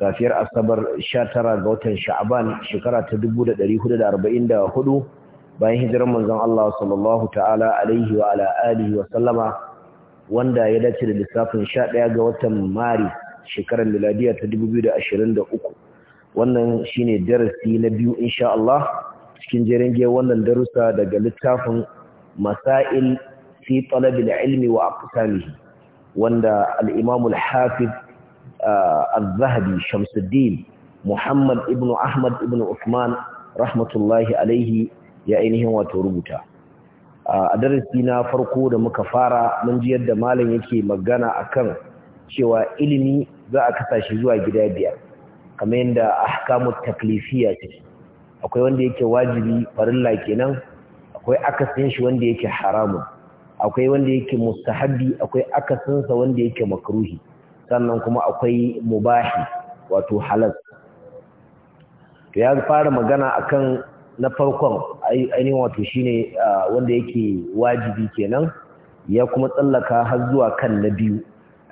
safiyar asabar 19 ga watan sha'aban shekara ta 1444 bayan hijirar manzon Allah sallallahu ta'ala alaihi wa ala alihi wa sallama wanda ya dace da lissafin 11 ga watan mari shekarar miladiya ta 2023 wannan shine darasi na biyu insha Allah cikin jerenge wannan darussa daga littafin masail fi talab ilmi wa aqsamihi wanda al-imam al-hafiz al-zahabi shamsuddin muhammad ibn ahmad ibn usman rahmatullahi alaihi ya ainihin wato rubuta a darasi na farko da muka fara mun ji yadda malam yake magana akan cewa ilimi za a kasa shi zuwa gida biyar kamar yadda ahkamut taklifiya ce akwai wanda yake wajibi farilla kenan akwai akasin shi wanda yake haramun akwai wanda yake mustahabi akwai akasinsa wanda yake makruhi sannan kuma akwai mubahi wato halal to ya fara magana akan na farkon ainihin wato shine wanda yake wajibi kenan ya kuma tsallaka har zuwa kan na biyu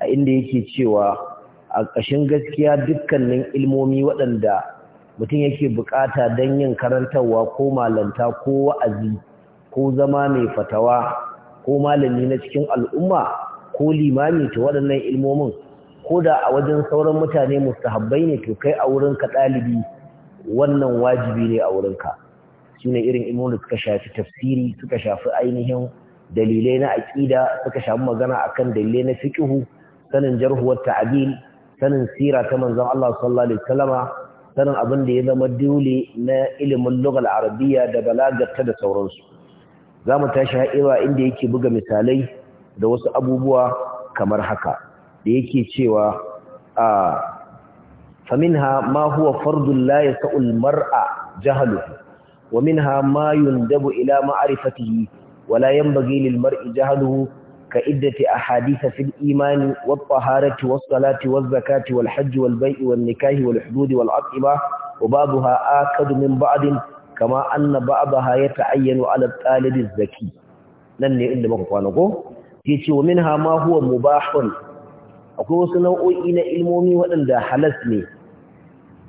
a inda yake cewa a ƙashin gaskiya dukkanin ilmomi waɗanda mutum yake bukata don yin karantarwa ko malanta ko wa'azi ko zama mai fatawa ko malami na cikin al'umma ko limami ta waɗannan ilmomin ko da a wajen sauran mutane mustahabbai ne to kai a wurinka ɗalibi wannan wajibi ne a wurinka ka ne irin imanu suka shafi tafsiri suka shafi ainihin dalilai na aƙida suka shafi magana akan dalilai na fiƙihu sanin jarhuwar ta'adil sanin sira ta manzon Allah sallallahu alaihi wasallama sanin abin da ya zama dole na ilimin lugal arabiya da balagarta da sauransu za mu tashi ha'iwa inda yake buga misalai da wasu abubuwa kamar haka da yake cewa a faminha ma huwa fardun laye sa'ul mar'a jahalu wa minha ma yundabu ila ma'rifatihi wa layan yanbaghi mar'i jahalu ka a hadisa fil imani wa at-taharati was salati zakati wal hajj wal baii wal nikahi wal hudud wal aqiba wa a kadu min ba'din kama anna ba'daha yata'ayyanu ala at-talib az-zaki nan ne inda muka kwana ko yace wa minha akwai wasu nau'o'i na ilmomi waɗanda halas ne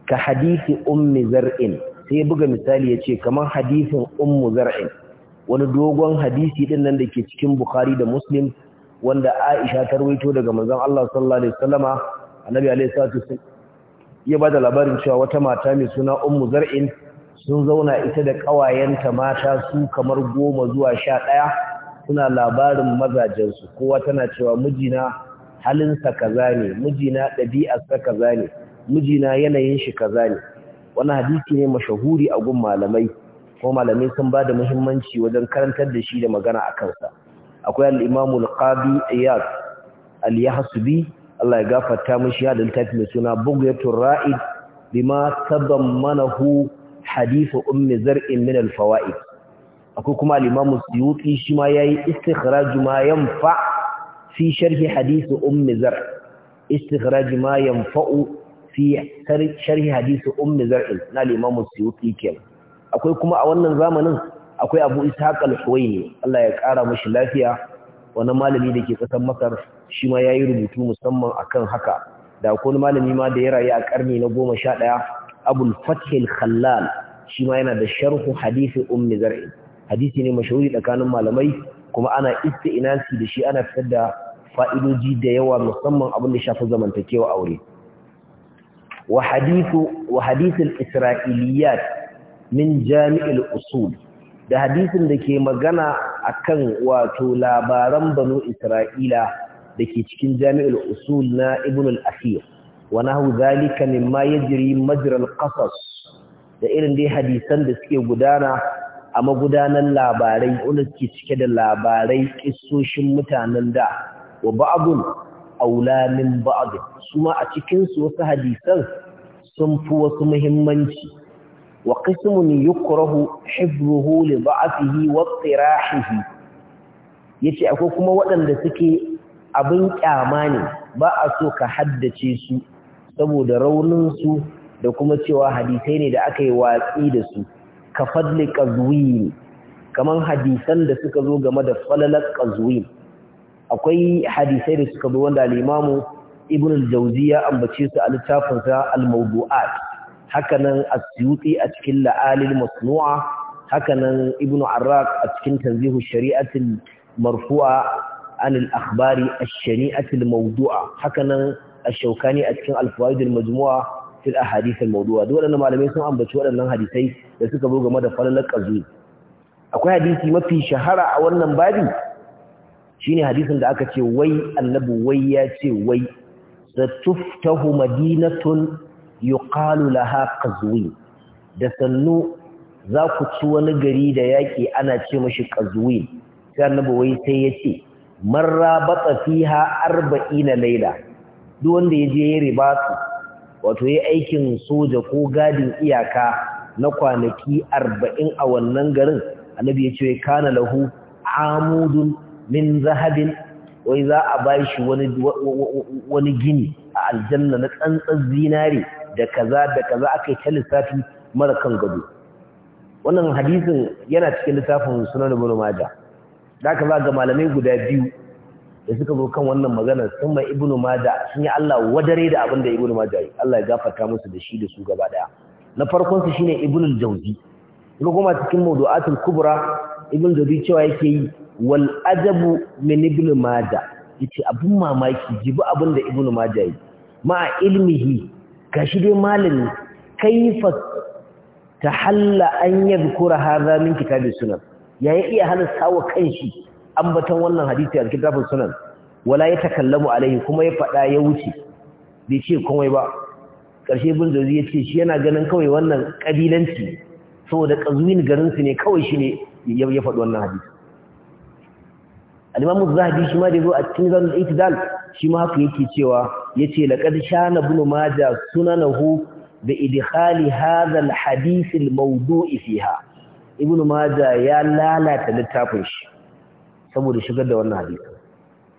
ka hadisi ummi zar'in sai ya buga misali ya ce kamar hadisin ummu zar'in wani dogon hadisi ɗin nan da ke cikin bukhari da muslim wanda aisha ta rawaito daga manzon Allah sallallahu alaihi wasallama annabi alaihi salatu ya bada labarin cewa wata mata mai suna ummu zar'in sun zauna ita da ƙawayenta mata su kamar goma zuwa sha ɗaya suna labarin mazajensu kowa tana cewa mijina halinsa kaza ne mijina ɗabi'arsa kaza ne mijina yanayin shi kaza ne wannan hadisi ne mashahuri a gun malamai ko malamai sun ba da muhimmanci wajen karantar da shi da magana a kansa akwai al al-qadi iyad al-yahsubi Allah ya gafarta mishi ya da littafi mai suna bughyatur ra'id bima tadammanahu hadith ummi zar'in min al-fawaid akwai kuma al-imamu suyuti shi ma yayi istikhraj ma yanfa' Si sharhi hadisi ummi zar istikhraj ma yanfa'u fi sharhi hadisi ummi zar na al-imam suyuti akwai kuma a wannan zamanin akwai abu ishaq al-huwaini Allah ya kara mashi lafiya wani malami da ke kasar masar shi ma yayi rubutu musamman akan haka da akwai malami ma da ya rayu a karni na 11 abul fath al-khallal shi ma yana da sharhu hadisi ummi zar'i hadisi ne mashahuri tsakanin malamai kuma ana iska isti'nasi da shi ana fitar da fa'idoji da yawa musamman abin da shafi zamantakewa aure wa hadithu wa isra'iliyat min jami'il usul da hadisin da ke magana akan wato labaran banu isra'ila da ke cikin jami'il usul na ibn al wana wa nahu zalika mimma yajri majra al-qasas da irin dai hadisan da suke gudana a magudanan labarai wanda suke cike da labarai kissoshin mutanen da wa ba'dun aula min ba'd suma a cikinsu wasu hadisan sun fi wasu muhimmanci wa qismun yukrahu hibruhu li da'fihi wa Ya yace akwai kuma waɗanda suke abin kyama ne ba a so ka haddace su saboda raunin su da kuma cewa hadisai ne da aka yi watsi da su ka fadli qazwin kaman hadisan da suka zo game da falalar qazwin akwai hadisai da suka zo wanda al-Imam Ibn al-Jawziya ambace su a littafinsa al-Mawdu'at hakanan as a cikin La'alil Masnu'a hakanan Ibn Arraq a cikin Tanzihu Shari'ati al-Marfu'a an al-akhbari ash-shani'ati al-mawdu'a hakanan Ashaukani a cikin al-Fawaid al-Majmu'a fi al duk waɗannan malamai sun ambaci waɗannan hadisai da suka zo game da falalar qazi akwai hadisi mafi shahara a wannan babin ne hadisin da aka ce wai annabi wai ya ce wai da tuftahu madinatun yuqalu laha zuwi da sannu za ku ci wani gari da yaƙi ana ce mashi ƙazuwi sai annabu wai sai ya ce man rabata fiha na laila duk wanda ya je ya su wato ya aikin soja ko gadin iyaka na kwanaki arba'in a wannan garin annabi ya ce kana lahu amudun min zahabin wai za a ba shi wani gini a aljanna na tsantsan zinare da kaza da kaza aka yi ta lissafi mara kan gado wannan hadisin yana cikin lissafin sunan ibn majah da ka za ga malamai guda biyu da suka zo kan wannan magana, sun mai ibn majah sun yi Allah wadare da abin da ibn majah yi Allah ya gafarta musu da shi da su gaba daya na farkon su shine ibn al-jawzi kuma cikin mawdu'atul kubra ibn jawzi cewa yake yi wal ajabu min ibn maja yace abun mamaki jibi abun da ibn maja yi ma ilmihi gashi dai malami kaifa tahalla an yadhkura hadha min kitab sunan yayi iya halasta wa kanshi ambaton wannan hadisi a kitabun sunan wala ya takallamu alaihi kuma ya fada ya wuce bai ce komai ba karshe bin zazi yace shi yana ganin kawai wannan kabilanci saboda qazuwin garin su ne kawai shine ya faɗi wannan hadisi Alimamu imamu zahabi shi ma da zo a cikin zanul itidal shi ma haka yake cewa yace laqad shana ibn majah sunanahu bi idkhali da idihali hazal hadisil mawdui fiha ibn ya lalata littafin shi saboda shigar da wannan hadisi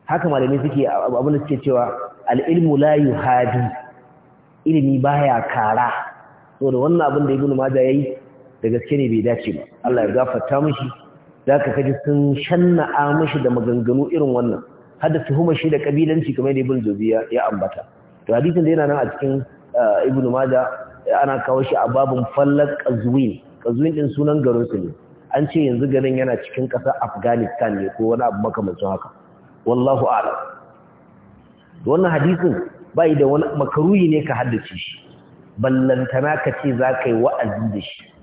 haka malamai suke abin da suke cewa al-ilmu la yuhadi ilimi baya kara saboda wannan abin da ibn majah yayi da gaske ne bai dace ba Allah ya gafarta mishi Zaka ka kaji sun shanna'a mashi da maganganu irin wannan har da tuhuma shi da kabilanci kamar da ibn zobi ya ambata to hadisin da yana nan a cikin uh, ibn maja ana kawo shi a babun fallak qazwin qazwin din sunan garin ne an ce yanzu garin yana cikin ƙasa afghanistan ne ko wani abu makamancin haka wallahu a'lam wannan hadisin bai da wani makaruyi ne ka haddace shi ballantana ka ce za ka yi wa'azi da shi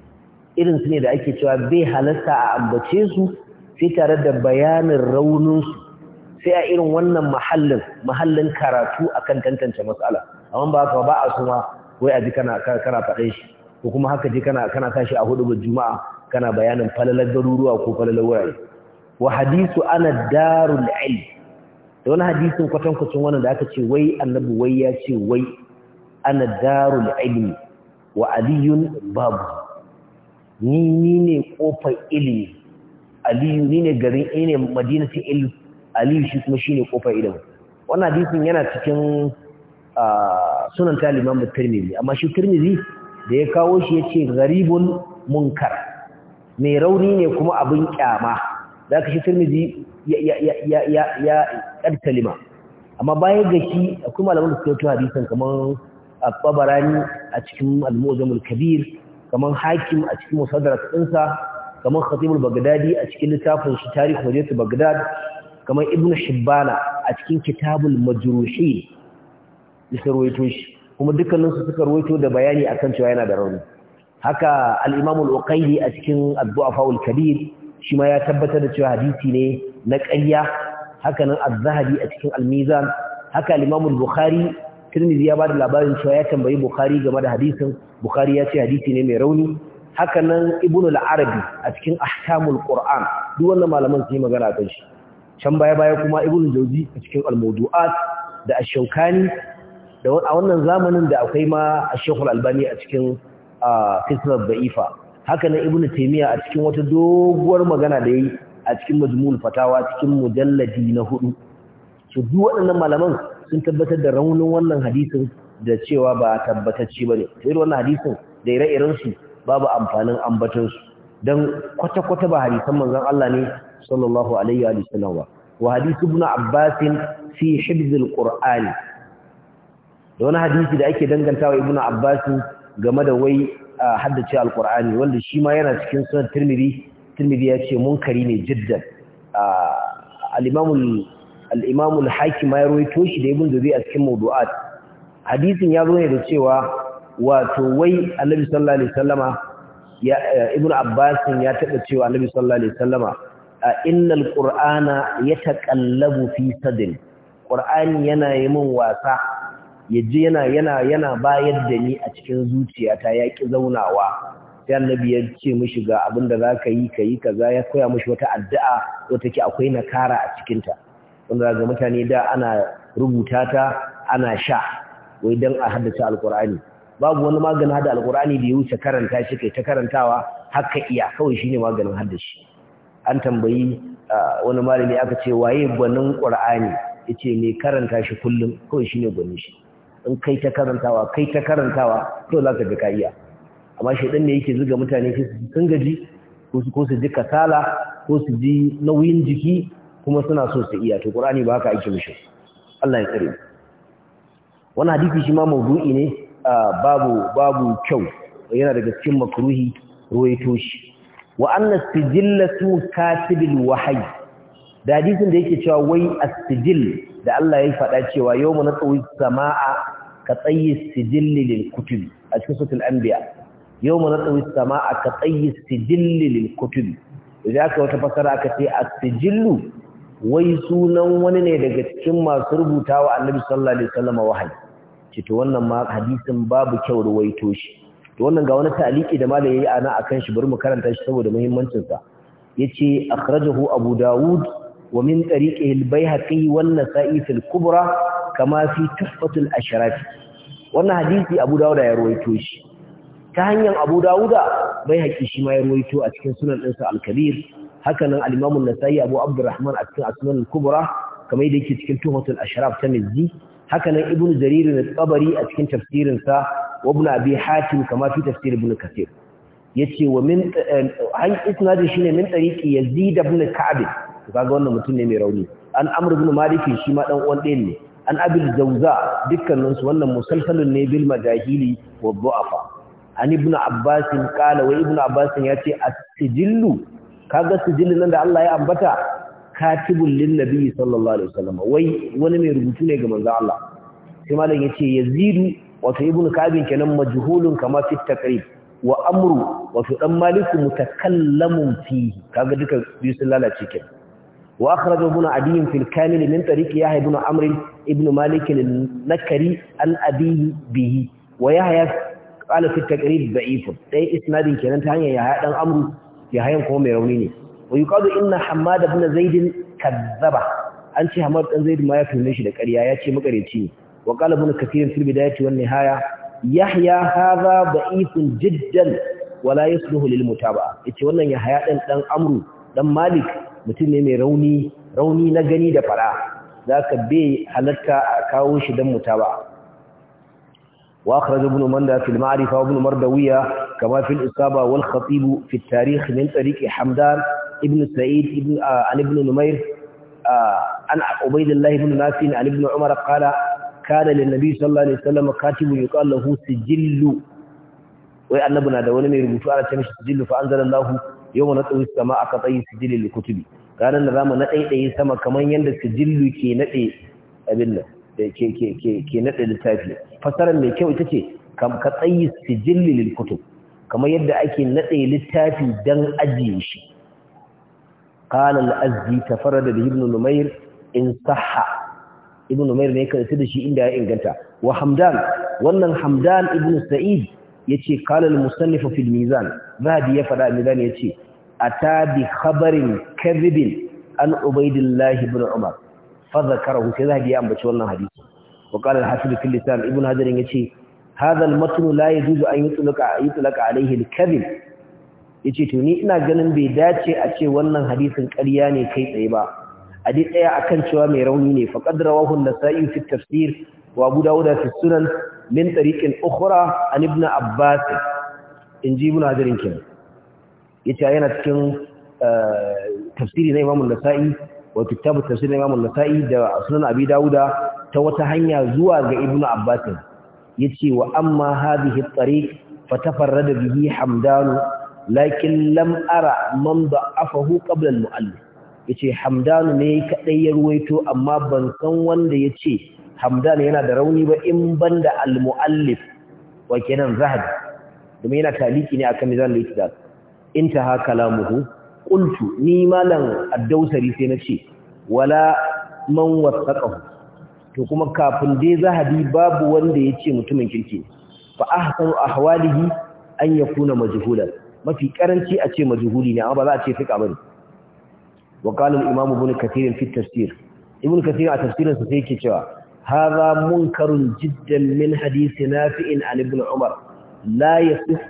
irin su ne da ake cewa bai halatta a ambace su sai tare da bayanin raunin su sai a irin wannan mahallin mahallin karatu akan tantance matsala amma ba haka ba a suma wai a ji kana kana faɗe shi ko kuma haka ji kana kana tashi a hudu juma'a kana bayanin falalar garuruwa ko falalar wurare wa hadisu ana darul ilm da wani hadisin kwatankwacin wannan da aka ce wai annabi wai ya ce wai ana darul ilm wa aliyun babu ni ni ne kofar ilimi aliyu ni ne garin ne ta ilimi aliyu shi kuma shine kofar ilimi wannan hadisin yana cikin sunan taliman limamu amma shi turmizi da ya kawo shi yace Garibun munkar mai rauni ne kuma abin kyama zaka shi turmizi ya ƙar ya amma bayan ga shi akwai malaman da suka yi hadisan kamar a tabarani a cikin al kabir kamar hakim a cikin musadarar ɗinsa kamar khatibul bagdadi a cikin littafin shi tarihi wajetu bagdad kamar ibnu shibbana a cikin kitabul majrushi bisa ruwaito shi kuma dukkaninsu suka ruwaito da bayani akan cewa yana da rauni haka al-imam al-uqayli a cikin ad-du'afa al-kabir shi ma ya tabbatar da cewa hadisi ne na ƙarya haka nan az-zahabi a cikin al-mizan haka al-imam al-bukhari Tirmidhi ya bada labarin cewa ya tambayi Bukhari game da hadisin Bukhari ya ce hadisi ne mai rauni hakanan nan Ibn al-Arabi a cikin Ahkamul Qur'an duk wannan malaman sun magana kan shi can baya baya kuma Ibn Jawzi a cikin Al-Mawdu'at da Ash-Shawkani da a wannan zamanin da akwai ma Ash-Shaykh Al-Albani a cikin Kisra Da'ifa haka nan Ibn Taymiyyah a cikin wata doguwar magana da yayi a cikin Majmu'ul Fatawa cikin mujalladi na hudu su duk waɗannan malaman sun tabbatar da raunin wannan hadisin da cewa ba a tabbatar tabbatacce ne. sai wannan hadisin da ire-iren su babu amfanin ambaton su dan kwata-kwata ba hadisan manzon Allah ne sallallahu alaihi wa sallam wa hadisi ibn Abbas fi hibz al da wani hadisi da ake dangantawa ibn Abbas game da wai haddace al-Qur'ani wanda shi ma yana cikin sunan Tirmidhi Tirmidhi ya ce munkari ne jiddan al-Imam al-Imam al-Hakim ya rawaito shi da Ibn Zubayr a cikin mawdu'at hadisin ya zo ne da cewa wato wai Annabi sallallahu alaihi wasallama ya eh, Ibn Abbas ya taba cewa Annabi sallallahu alaihi wasallama innal qur'ana yataqallabu fi sadri yana yi min wasa yaje yana yana yana bayar da ni a cikin zuciyata ya ƙi zaunawa sai annabi ya ce mishi ga abin da za ka yi ka yi kaza ya koya mishi wata addu'a wata ke akwai nakara a cikinta wanda ga mutane da ana rubuta ta ana sha wai dan a haddace alkur'ani babu wani maganin hada alkurani da ya wuce karanta shi kai ta karantawa haka iya kawai shine maganin haddashi an tambayi wani malami aka ce waye gwanin qur'ani yace me karanta shi kullum kawai shine gwanin shi in kai ta karantawa kai ta karantawa to za zaka ka iya amma shi shedan ne yake zuga mutane sun gaji ko su ko su ji kasala ko su ji nauyin jiki kuma suna so su iya to Qur'ani ba haka ake mishi Allah ya kare wannan hadisi shi ma mawdu'i ne babu babu kyau yana daga cikin makruhi ruwaito shi wa anna sijillatu katibil wahyi da hadisin da yake cewa wai as da Allah ya faɗa cewa yawma natsawi samaa ka tsayi sijilli lil kutubi a cikin suratul anbiya yawma natsawi samaa ka tsayi sijilli lil kutubi idan aka wata fasara aka ce astijillu wai sunan wani ne daga cikin masu rubuta wa annabi sallallahu alaihi wasallam wahayi ce to wannan ma hadisin babu kyau ruwaito shi to wannan ga wani ta'aliki da malai yayi ana akan shi bari mu karanta shi saboda muhimmancin sa yace akhrajahu abu daud wa min tariqihi al-baihaqi wan nasa'i fil kubra kama fi tuhfatul ashraf wannan hadisi abu daud ya ruwaito shi ta hanyar abu dauda baihaqi shi ma ya ruwaito a cikin sunan ɗinsa al-kabir haka nan al-Imam nasai Abu Abdurrahman a cikin Asnan kubura kubra kamar yadda yake cikin Tuhfatul Ashraf ta Mizzi haka nan ibnu Jarir tsabari a cikin tafsirin sa wa Ibn Abi Hatim kama fi tafsir Ibn Kathir yace wa min eh, an isnadin shine min tariqi Yazid ibn Ka'ab kaga wannan mutum ne mai rauni an Amr ibn Malik shi ma dan uwan ɗayan ne an Abil Jawza dukkanin su wannan musalsalun ne bil majahili wa du'afa an ibn Abbas qala wa ibn Abbas yace as-sijillu kaga sijilin nan da Allah ya ambata katibul lin nabi sallallahu alaihi wasallam wai wani mai rubutu ne ga manzon Allah sai malam yace yazidu wato ibnu kabin kenan majhulun kama fi taqrib wa amru wato dan maliku mutakallamun fihi kaga duka biyu sun lalace kenan wa akhraja ibn adi fi al-kamil min tariqi yahya ibn amr ibn malik al-nakari an abihi bihi wa yahya qala fi at-taqrib da'if dai isnadin kenan ta hanyar yahya dan amru ya kuma mai rauni ne wa yuqadu inna hammad ibn zaid kazzaba an ce hammad dan zaid ma ya tume shi da ƙarya ya ce makareci ne wa qala ibn kathir fil bidayati wan nihaya yahya hadha da'ifun jiddan wala yasluhu lil mutaba'a yace wannan yahya dan dan amru dan malik mutum ne mai rauni rauni na gani da fara zaka bai halatta a kawo shi dan mutaba'a وأخرج ابن مندى في المعرفة وابن مردوية كما في الإصابة والخطيب في التاريخ من طريق حمدان ابن سعيد ابن آه عن ابن نمير آه عن عبيد الله بن نافع عن ابن عمر قال كان للنبي صلى الله عليه وسلم كاتب يقال له سجل وأنبنا ابن هذا ولم يربطوا على تمشي سجل فأنزل الله يوم نطوي السماء كطي سجل للكتب قال النظام نطي سما كمان يند سجل كي نطي أبنه ke naɗa littafi fasarar mai kyau ita ce ka tsayi sijilli lil kutub kamar yadda ake naɗe littafi dan ajiye shi قال الأزدي تفرد به ابن نمير in صح Ibn نمير ne kan da shi inda ya inganta wa hamdan wannan hamdan ibn sa'id yace qala al musannif fi al mizan zabi ya fada mizan yace ata bi khabarin kadhibin an ubaidillah ibn umar fa zakarahu sai zahabi ya ambaci wannan hadisi wa qala al-hafiz fil ibn hajar yace hadha al-matn la yajuzu an yi yutlaka alayhi al-kadhib yace to ni ina ganin bai dace a ce wannan hadisin ƙarya ne kai tsaye ba adi tsaya akan cewa mai rauni ne faqad rawahu an-nasa'i fi tafsir wa abu dawud fi sunan min tariqin ukhra an ibn abbas inji ibn hajar yace yana cikin tafsiri na imam an-nasa'i wa kitabu tafsir Imam an-Nasa'i da Sunan Abi Dawuda ta wata hanya zuwa ga Ibn Abbas yace wa amma hadhihi at-tariq fatafarrada bihi Hamdan lakin lam ara man da'afahu qabla al-mu'allif yace Hamdan ne kadai ya ruwaito amma ban san wanda yace Hamdan yana da rauni ba in banda al-mu'allif wa kenan zahab? domin yana taliki ne akan mizan al inta intaha kalamuhu Ƙultu ni malan addausari sai na ce wala man wasaƙahu to kuma kafin dai zahabi babu wanda ya ce mutumin kirki fa ahsan ahwalihi an yakuna majhulan mafi karanci a ce majhuli ne amma ba za a ce fiqa bane wa qala al-imam ibn kathir fi tafsir ibn kathir a tafsirin sa sai yake cewa hadha munkarun jiddan min hadisi nafi'in عن Umar, عمر لا يصح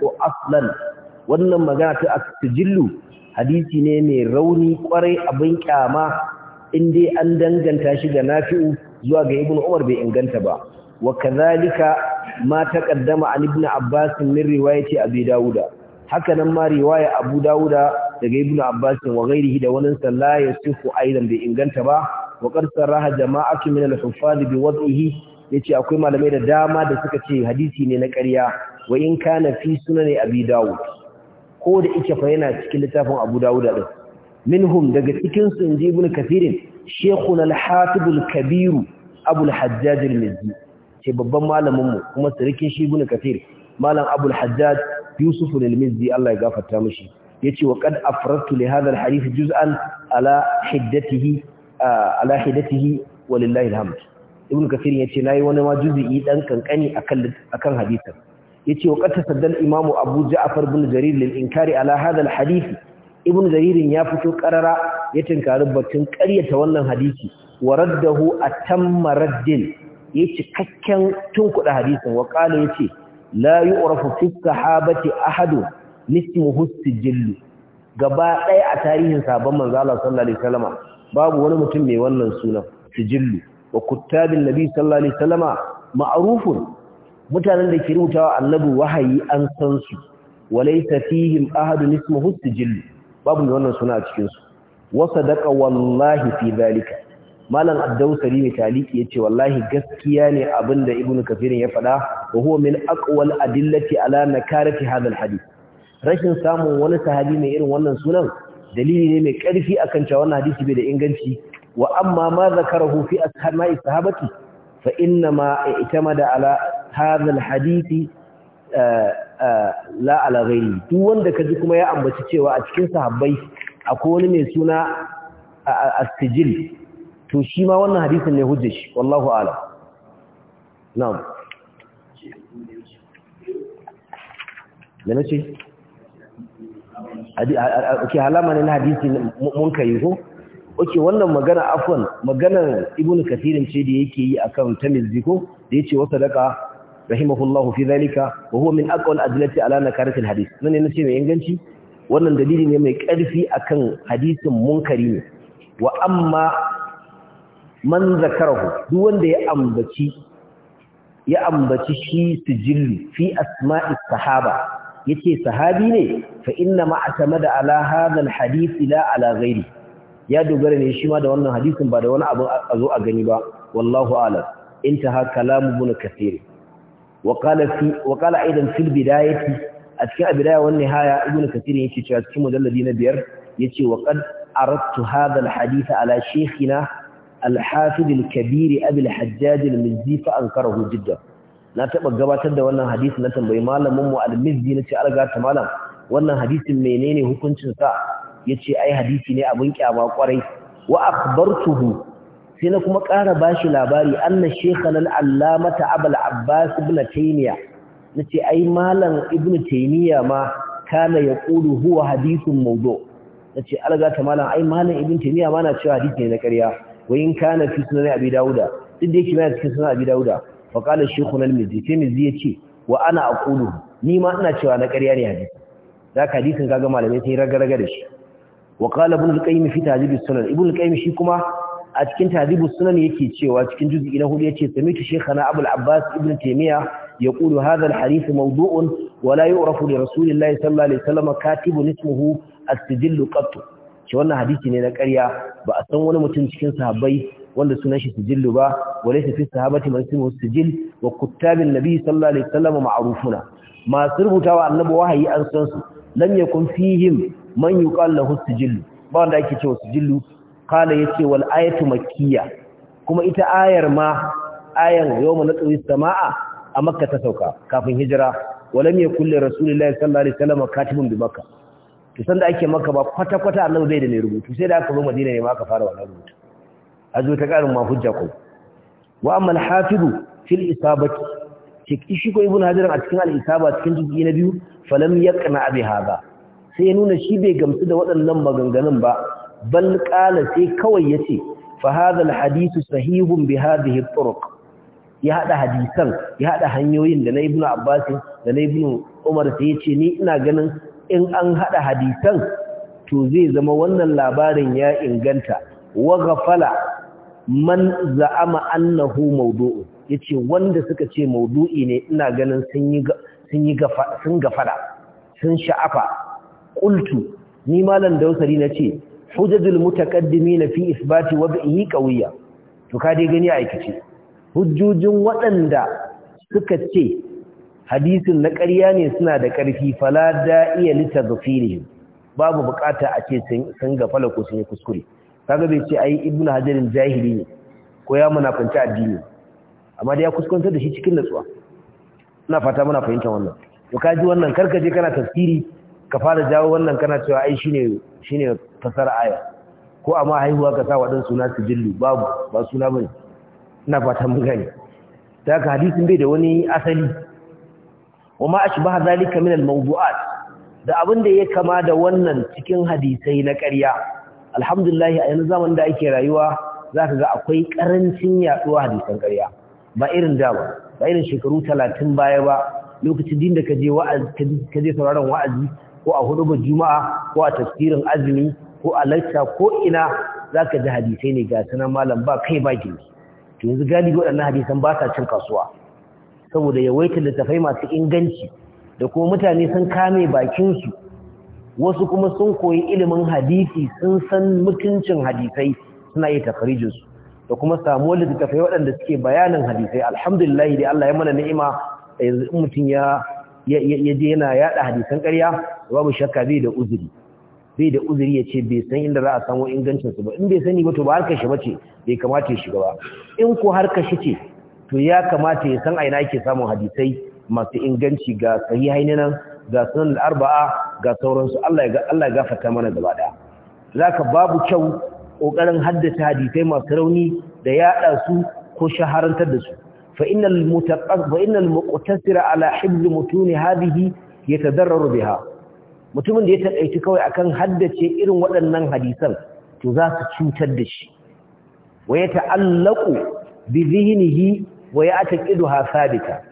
wannan magana ta asjillu hadisi ne mai rauni kwarai abin kyama in dai an danganta shi ga nafi'u zuwa ga ibn umar bai inganta ba wa kadhalika ma taqaddama an ibn abbas min riwayati abi dauda haka nan ma riwaya abu dauda daga ibn abbas wa ghairihi da wannan sallaya sifu aidan bai inganta ba wa qad saraha jama'atu min al-huffaz bi wad'ihi yace akwai malamai da dama da suka ce hadisi ne na ƙarya wa in kana fi sunan abi dauda ko da ike fa yana cikin littafin Abu Dawud din minhum daga cikin su inji Ibn Kathir Sheikhun al-Hatib al-Kabir hajjaj al-Mizzi ce babban malamin mu kuma sirikin shi Ibn malam Abu hajjaj Yusuf al-Mizzi Allah ya gafarta mishi yace wa qad afradtu li hadha al-hadith juz'an ala hiddatihi ala hiddatihi walillahi alhamd Ibn Kathir yace nayi wani ma juz'i dan kankani akan akan hadisin yace wa qad tasaddal imam abu ja'far bin jarir lil inkari ala hadha al hadith ibn jarir ya fito karara ya tinkari batun ƙaryata wannan hadisi wa raddahu atamma raddin ya cikakken tunkuɗa hadisin wa ƙala ya ce la yi ƙorafu fi sahabati ahadu nismuhu sijillu gaba ɗaya a tarihin sabon manzo Allah sallallahu alaihi babu wani mutum mai wannan sunan sijillu wa kuttabin nabi sallallahu alaihi wasallama ma'rufun mutanen da ke rubutawa annabi wahayi an san su walaysa fihim ahadun ismuhu sijil babu ne wannan suna a cikin su wa sadaqa wallahi fi zalika malam ad-dawsari mai taliki yace wallahi gaskiya ne abinda ibnu kafirin ya faɗa wa huwa min aqwal adillati ala nakarati hadha al-hadith rashin samun wani sahabi mai irin wannan sunan dalili ne mai ƙarfi akan cewa wannan hadisi bai da inganci wa amma ma zakarahu fi ashabi sahabati fa inna ma i'tamada ala هذا الحديث لا على غيره duk wanda kaji kuma ya ambaci cewa a cikin sahabbai akwai wani mai suna as to shi ma wannan hadisin ne hujjar shi wallahu a'lam na'am da ce? ake halama ne na hadisi mun kai ko oke wannan magana afwan maganar ibnu kathirin ce da yake yi akan tamizziko da yace wasa daka rahimahullahu fi zalika wa huwa min aqwal adillati ala nakarat alhadith nan ne nace mai inganci wannan dalili ne mai karfi akan hadisin munkari ne wa amma man zakarahu duk wanda ya ambaci ya ambaci shi sijilli fi asma'i sahaba yace sahabi ne fa inna ma atamada ala hadha alhadith ila ala ghairi ya dogara ne shi ma da wannan hadisin ba da wani abu a zo a gani ba wallahu a'lam intaha kalamu ibn kathir وقال في وقال ايضا a البدايه اتكي البدايه والنهايه ابن كثير يجي cewa cikin mujalladi na biyar yace wa qad aradtu hadha alhadith ala shaykhina alhafid alkabir abi alhajjaj almizzi fa ankarahu jiddan na taɓa gabatar da wannan hadisin na tambayi malamin mu almizzi nace alga ta malam wannan hadisin menene hukuncin sa yace ai hadisi ne abin kyama kwarai wa tuhu. sai na kuma ƙara bashi labari anna shekhan al'allamata abal abbas ibn taymiya na ce ai malam ibn taymiya ma kana ya ƙulu huwa hadisun mawdu na ce algata malam ai malam ibn taymiya ma na cewa hadisi ne na ƙarya wa in kana fi sunan abi dauda duk da yake yana cikin sunan abi dauda fa na shaykhun al-mizzi ya ce wa ana aqulu ni ma ina cewa na ƙarya ne hadisi da hadisin kaga malamai sai raga-raga da shi wa qala ibn al-qayyim fi tajib as-sunan ibn al-qayyim shi kuma a cikin tazibu sunan yake cewa cikin juz'i na hudu yace samitu shaykhana abul abbas ibn taymiya yaqulu hadha al hadith mawdu'un wa la yu'rafu li rasulillahi sallallahu alaihi wasallam katibun ismuhu as-sijill qattu shi wannan hadisi ne na ƙarya ba a san wani mutum cikin sahabbai wanda sunan shi sijillu ba wa laysa fi sahabati man ismuhu sijil wa kuttabin nabi sallallahu alaihi wasallam ma'rufuna masu rubutawa annabi wahayi an san su lam yakun fihim man yuqal lahu sijillu ba wanda ake cewa sijillu kala ya ce wal ayatu makkiya kuma ita ayar ma ayan yau mana tsawis sama'a a makka ta sauka kafin hijira walam ya kulle rasulullahi sallallahu alaihi wasallam katibun bi makka to sanda ake makka ba kwata kwata annabi bai da ne rubutu sai da aka zo madina ne ma aka fara wannan rubutu azo ta karin ma hujja ko wa amma al-hafidu fil isabati shi ko ibnu hajar a cikin al-isaba cikin jiki na biyu falam yaqna abi hada sai ya nuna shi bai gamsu da waɗannan maganganun ba bal ƙala sai kawai yace ce, hadha Hadisu, sahihun bi hadhihi turuq ya haɗa hadisan ya haɗa hanyoyin da na ibnu abbas da na ibnu umar sai yace ni ina ganin in an haɗa hadisan to zai zama wannan labarin ya inganta wa ghafala man za'ama annahu mawdu'u yace wanda suka ce mawdu'i ne ina ganin sun yi sun yi gafa sun gafara sun sha'afa qultu ni malam dausari nace hujjajul mutaqaddimin fi isbati wad'ihi qawiyya to ka dai gani aikace hujjojin waɗanda suka ce hadisin na ƙarya ne suna da ƙarfi fala da'iya li tadfirihim babu bukata a ce sun ga ko sun yi kuskure kaga bai ce ai ibnu hajarin jahili ne ko ya munafanci addini amma da ya kuskunta da shi cikin natsuwa ina fata muna fahimtar wannan to kaji wannan karkaje je kana tafsiri ka fara jawo wannan kana cewa ai shine shine fasar aya ko amma haihuwa ka sa wadan suna sijillu babu ba suna bane ina fata mun gane da ka hadisin bai da wani asali wama ashbaha zalika min almawdu'at da abin da ya kama da wannan cikin hadisai na ƙarya alhamdulillah a yanzu zaman da ake rayuwa zaka ga akwai karancin yaduwa hadisan ƙarya ba irin da ba ba irin shekaru 30 baya ba lokacin din da kaje wa'azi kaje sauraron wa'azi ko a hudubar juma'a ko a tafsirin azumi ko a lacca ko ina za ka ji hadisai ne ga sanar malam ba kai ba gini to yanzu galibi waɗannan hadisan ba sa cin kasuwa saboda yawaitar littafai masu inganci da kuma mutane sun kame bakinsu wasu kuma sun koyi ilimin hadisi sun san mutuncin hadisai suna yi takarijinsu da kuma samuwar littafai waɗanda suke bayanin hadisai alhamdulillah da Allah ya mana ni'ima yanzu in mutum ya je yana yaɗa hadisan ƙarya babu shakka bai da uzuri bai da uzuri ya ce bai san inda za a samu ingancinsu ba in bai sani ba to ba harkar shi ba ce bai kamata ya shiga ba in ko harkar shi ce to ya kamata ya san aina yake samun hadisai masu inganci ga sahihai nan ga sunan arbaa ga sauransu Allah ya Allah ya gafarta mana gaba daya zaka babu kyau kokarin haddace hadisai masu rauni da yaɗa su ko shaharantar da su fa innal mutaqas wa innal muqtasira ala hibl mutun hadhihi yatadarraru biha mutumin da ya taƙaici kawai akan haddace irin waɗannan hadisan to za su cutar da shi wa ya ta'allaku bi zihnihi wa ya ta sabita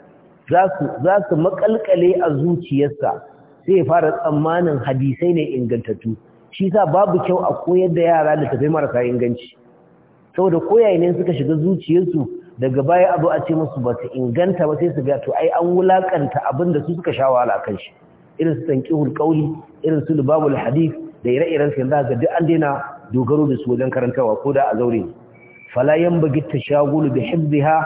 za su za su makalkale a zuciyarsa sai ya fara tsammanin hadisai ne ingantattu shi sa babu kyau a koyar da yara da tafi marasa inganci saboda koyaye ne suka shiga zuciyarsu daga baya abu a ce musu ba su inganta ba sai su ga to ai an wulaƙanta abin da su suka sha wahala kan shi irin su tanqihul qawli irin su libabul hadith da ire-iren su yanzu ga duk an daina dogaro da su wajen karantawa ko da a zaure fala yanbaghi tashagulu bi hibbiha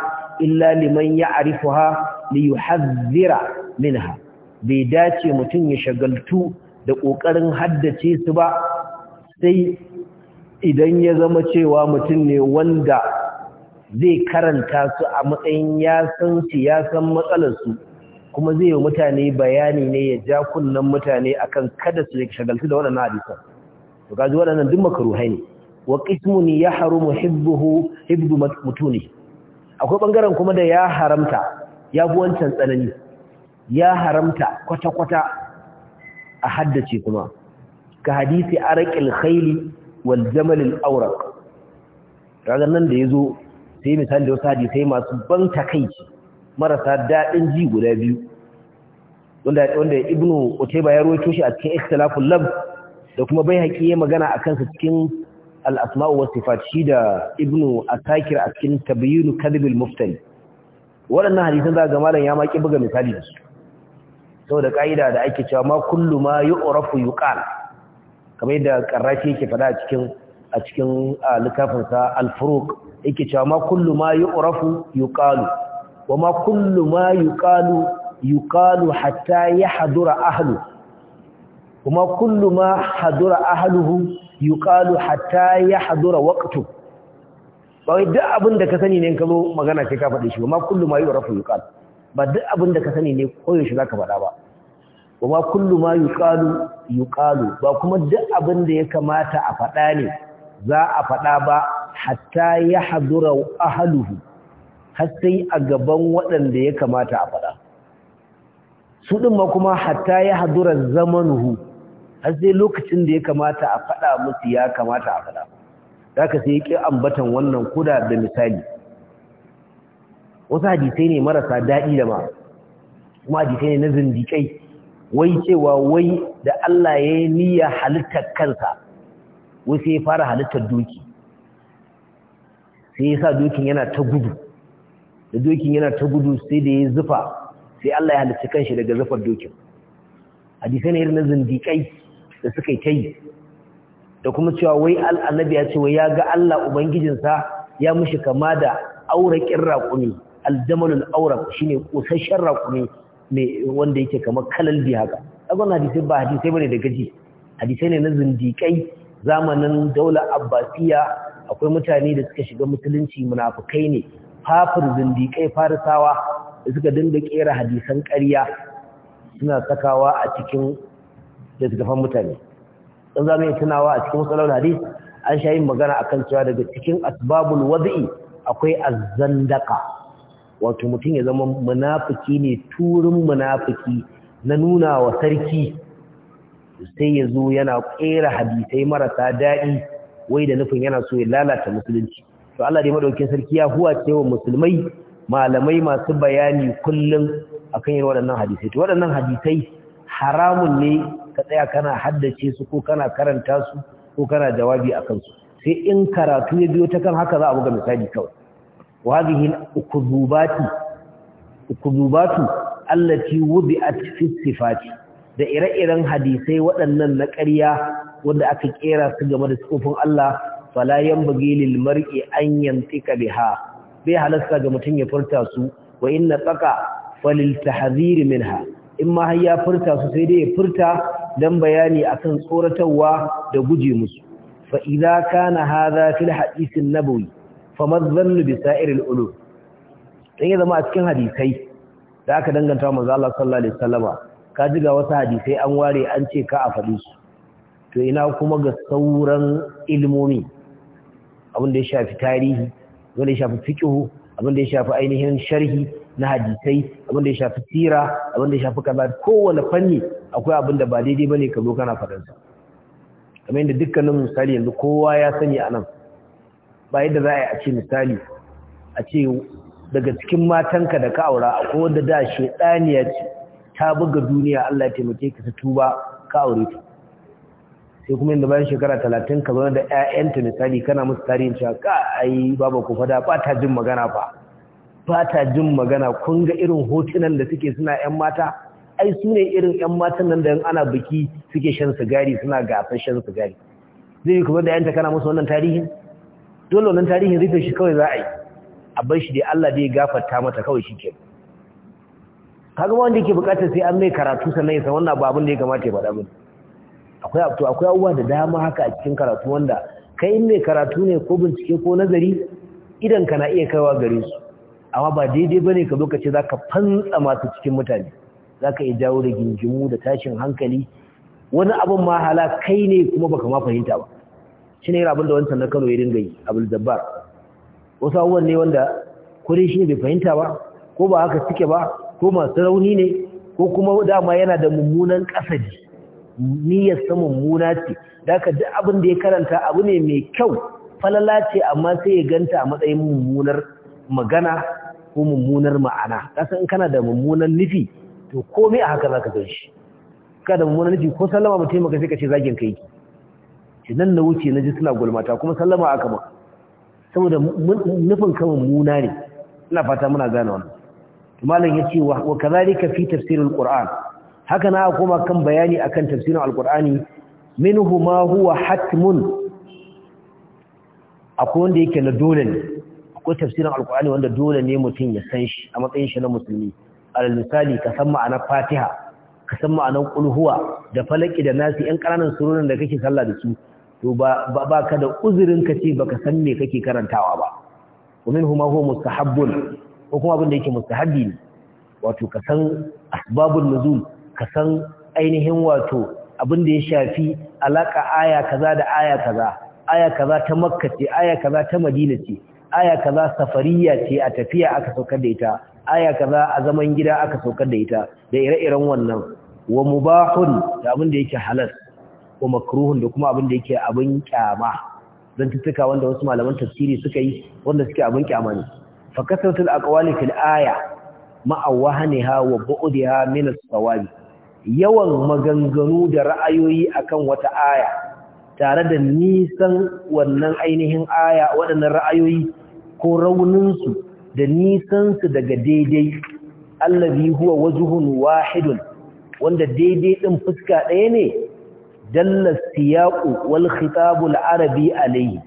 illa liman ya'rifuha li yuhadhdhira minha bai dace mutum ya shagaltu da kokarin haddace su ba sai idan ya zama cewa mutum ne wanda zai karanta su a matsayin ya san su ya san matsalar su kuma zai yi mutane bayani ne ya ja kunnan mutane akan kada su shagaltu da waɗannan hadisan to kaji waɗannan duk makaru haini wa haru mu hibbuhu hibbu ne akwai ɓangaren kuma da ya haramta ya fi wancan tsanani ya haramta kwata-kwata a haddace kuma ka hadisi araƙil khaili wal jamalil aurak ragar nan da ya zo sai misali da wasu hadisai masu ban takaici marasa daɗin ji guda biyu wanda ibnu utaiba ya ruwaito shi a cikin ikhtilaful lab da kuma bai haƙi ya magana a kansa cikin al'asma'u wasu fashi da ibnu asakir a cikin tabiyyunu kalibin muftali waɗannan hadisan za ga malam ya maƙi buga misali da su sau da ƙa'ida da ake cewa ma kullu ma yi orafu yi ƙal kamar yadda ƙarrafi yake faɗa a cikin a cikin littafinsa alfuruk yake cewa ma kullu ma yi orafu yi ƙalu wa ma kullu ma yuqalu yuqalu hatta yahdura ahlu kuma kullu ma hadura ahluhu yuqalu hatta yahdura waqtu ba wai duk abin da ka sani ne in ka zo magana sai ka faɗi shi ba ma kullu ma yu'rafu yuqal ba duk abin da ka sani ne koyo shi zaka faɗa ba ba ma kullu ma yuqalu yuqalu ba kuma duk abin da ya kamata a faɗa ne za a faɗa ba hatta yahdura ahluhu har sai a gaban waɗanda ya kamata a faɗa su ɗin ma kuma hatta ya hadura zamanuhu har sai lokacin da ya kamata a faɗa musu ya kamata a faɗa za ka sai ƙi ambatan wannan kuda da misali wasu hadisai ne marasa daɗi da ma kuma hadisai ne na zindiƙai wai cewa wai da Allah ya yi niyya halittar kansa wai sai ya fara halittar doki sai ya sa dokin yana ta gudu da dokin yana ta gudu sai da ya zufa sai Allah ya halicci kanshi daga zufar dokin hadisai ne irin na zindiƙai da suka yi ta da kuma cewa wai annabi ya ce wai ya ga Allah ubangijinsa ya mushi kama da aurakin raƙumi aljamalul aurak shine kusasshen raƙumi ne wanda yake kalal kalalbi haka agon hadisai ba hadisai bane da gaji hadisai ne na zindiƙai zamanin daular abbasiya akwai mutane da suka shiga musulunci munafukai ne fafir zindiƙai farisawa da suka dinga ƙera hadisan ƙarya suna sakawa a cikin littattafan mutane dan zamu yi tunawa a cikin musallar hadis an sha yin magana akan cewa daga cikin asbabul wad'i akwai azzandaka wato mutum ya zama munafuki ne turin munafuki na nuna wa sarki sai ya zo yana ƙera hadisai marasa daɗi wai da nufin yana so ya lalata musulunci to Allah dai madaukin sarki ya huwa cewa musulmai malamai masu bayani kullum akan irin waɗannan hadisai to waɗannan hadisai haramun ne ka tsaya kana haddace su ko kana karanta su ko kana jawabi akan su sai in karatu ya biyo ta kan haka za a buga misali kawai wa hadhihi ukuzubati ukuzubatu allati wudi'at fi sifati da ire-iren hadisai waɗannan na ƙarya wanda aka kera su game da sifofin Allah fala yanbaghi lil mar'i an yantika biha bai halasta ga mutum ya furta su wa inna taqa falil tahzir minha in ma ya furta su sai dai ya furta dan bayani akan tsoratarwa da guje musu fa idza kana hadha fil hadith an-nabawi famadhannu bi sa'ir al-ulum dan ya zama a cikin hadisai da aka danganta manzo Allah sallallahu alaihi wasallama ka ji ga wasu hadisai an ware an ce ka a faɗi su to ina kuma ga sauran ilmomi abin da ya shafi tarihi abin da ya shafi fiqhu abin da ya shafi ainihin sharhi na hadisai abin da ya shafi sira abin da ya shafi kaza kowane fanni akwai abin da ba daidai bane ka zo kana faɗan sa kamar yadda dukkanin misali yanzu kowa ya sani a nan ba yadda za a yi a ce misali a ce daga cikin matanka da ka aura akwai wanda da shedaniya ce ta buga duniya Allah ya taimake ka ta tuba ka aure ta sai kuma inda bayan shekara talatin ka zaune da 'ya'yanta misali kana musu tarihin cewa ka ai babu ku fada ba ta jin magana fa ba ta jin magana kun ga irin hotunan da suke suna 'yan mata ai su ne irin 'yan matan nan da yan ana biki suke shan sigari suna gasar shan sigari zai yi kuma da 'yanta kana musu wannan tarihin dole wannan tarihin rufe shi kawai za a yi a bar shi dai Allah dai gafarta mata kawai shi ke kaga wanda yake bukatar sai an mai karatu sannan ya san wannan ba abin da ya kamata ya faɗa mini akwai abu akwai abubuwa da dama haka a cikin karatu wanda kai mai karatu ne ko bincike ko nazari idan ka na iya kaiwa gare su amma ba daidai bane ka zo ka ce zaka fantsa masu cikin mutane zaka iya jawo da gingimu da tashin hankali wani abun ma hala kai ne kuma baka ma fahimta ba shi ne abin da wancan na Kano ya dinga yi Abdul Jabbar wasu abubuwan ne wanda kuri shi bai fahimta ba ko ba haka suke ba ko masu rauni ne ko kuma dama yana da mummunan kasadi niyyar sa mummuna ce da ka duk abin da ya karanta abu ne mai kyau falala ce amma sai ya ganta a matsayin mummunar magana ko mummunar ma'ana kasan in kana da mummunan nufi to komai a haka zaka gan shi Ka da mummunan nufi ko sallama mutum maka sai ka ce zagin kai ki nan na wuce na ji suna gulmata kuma sallama aka ma saboda nufin ka mummuna ne ina fata muna gane wannan malam yace wa kadhalika fi tafsirul qur'an haka na koma kan bayani akan tafsirin alqur'ani minhu ma huwa hatmun akwai wanda yake na dole ne akwai tafsirin alqur'ani wanda dole ne mutum ya san shi a matsayin shi na musulmi alal misali ka san ma'anar fatiha ka san ma'anar kulhuwa da falaki da nasi yan ƙananan surorin da kake sallah da su to ba ba ka da uzurin ka ce baka san me kake karantawa ba ومن huwa mustahabbun ko kuma abin da yake mustahabbi ne wato ka san asbabun nuzul ka san ainihin wato abin da ya shafi alaka aya kaza da aya kaza aya kaza ta makka ce aya kaza ta madina ce aya kaza safariya ce a tafiya aka saukar da ita aya kaza a zaman gida aka saukar da ita da ire-iren wannan wa mubahun da abin da yake halal wa makruhun da kuma abin da yake abin kyama Zan tuttuka wanda wasu malaman tafsiri suka yi wanda suke abin kyama ne fa kasatul aqwali fil aya ma awhanaha wa bu'diha min as-sawabi yawan maganganu da ra'ayoyi akan wata aya tare da nisan wannan ainihin aya waɗannan ra'ayoyi ko rauninsu da nisansu daga daidai allazi huwa wajhun wahidun wanda daidai ɗin fuska ɗaya ne dalla siyaqu wal khitabul arabi alayhi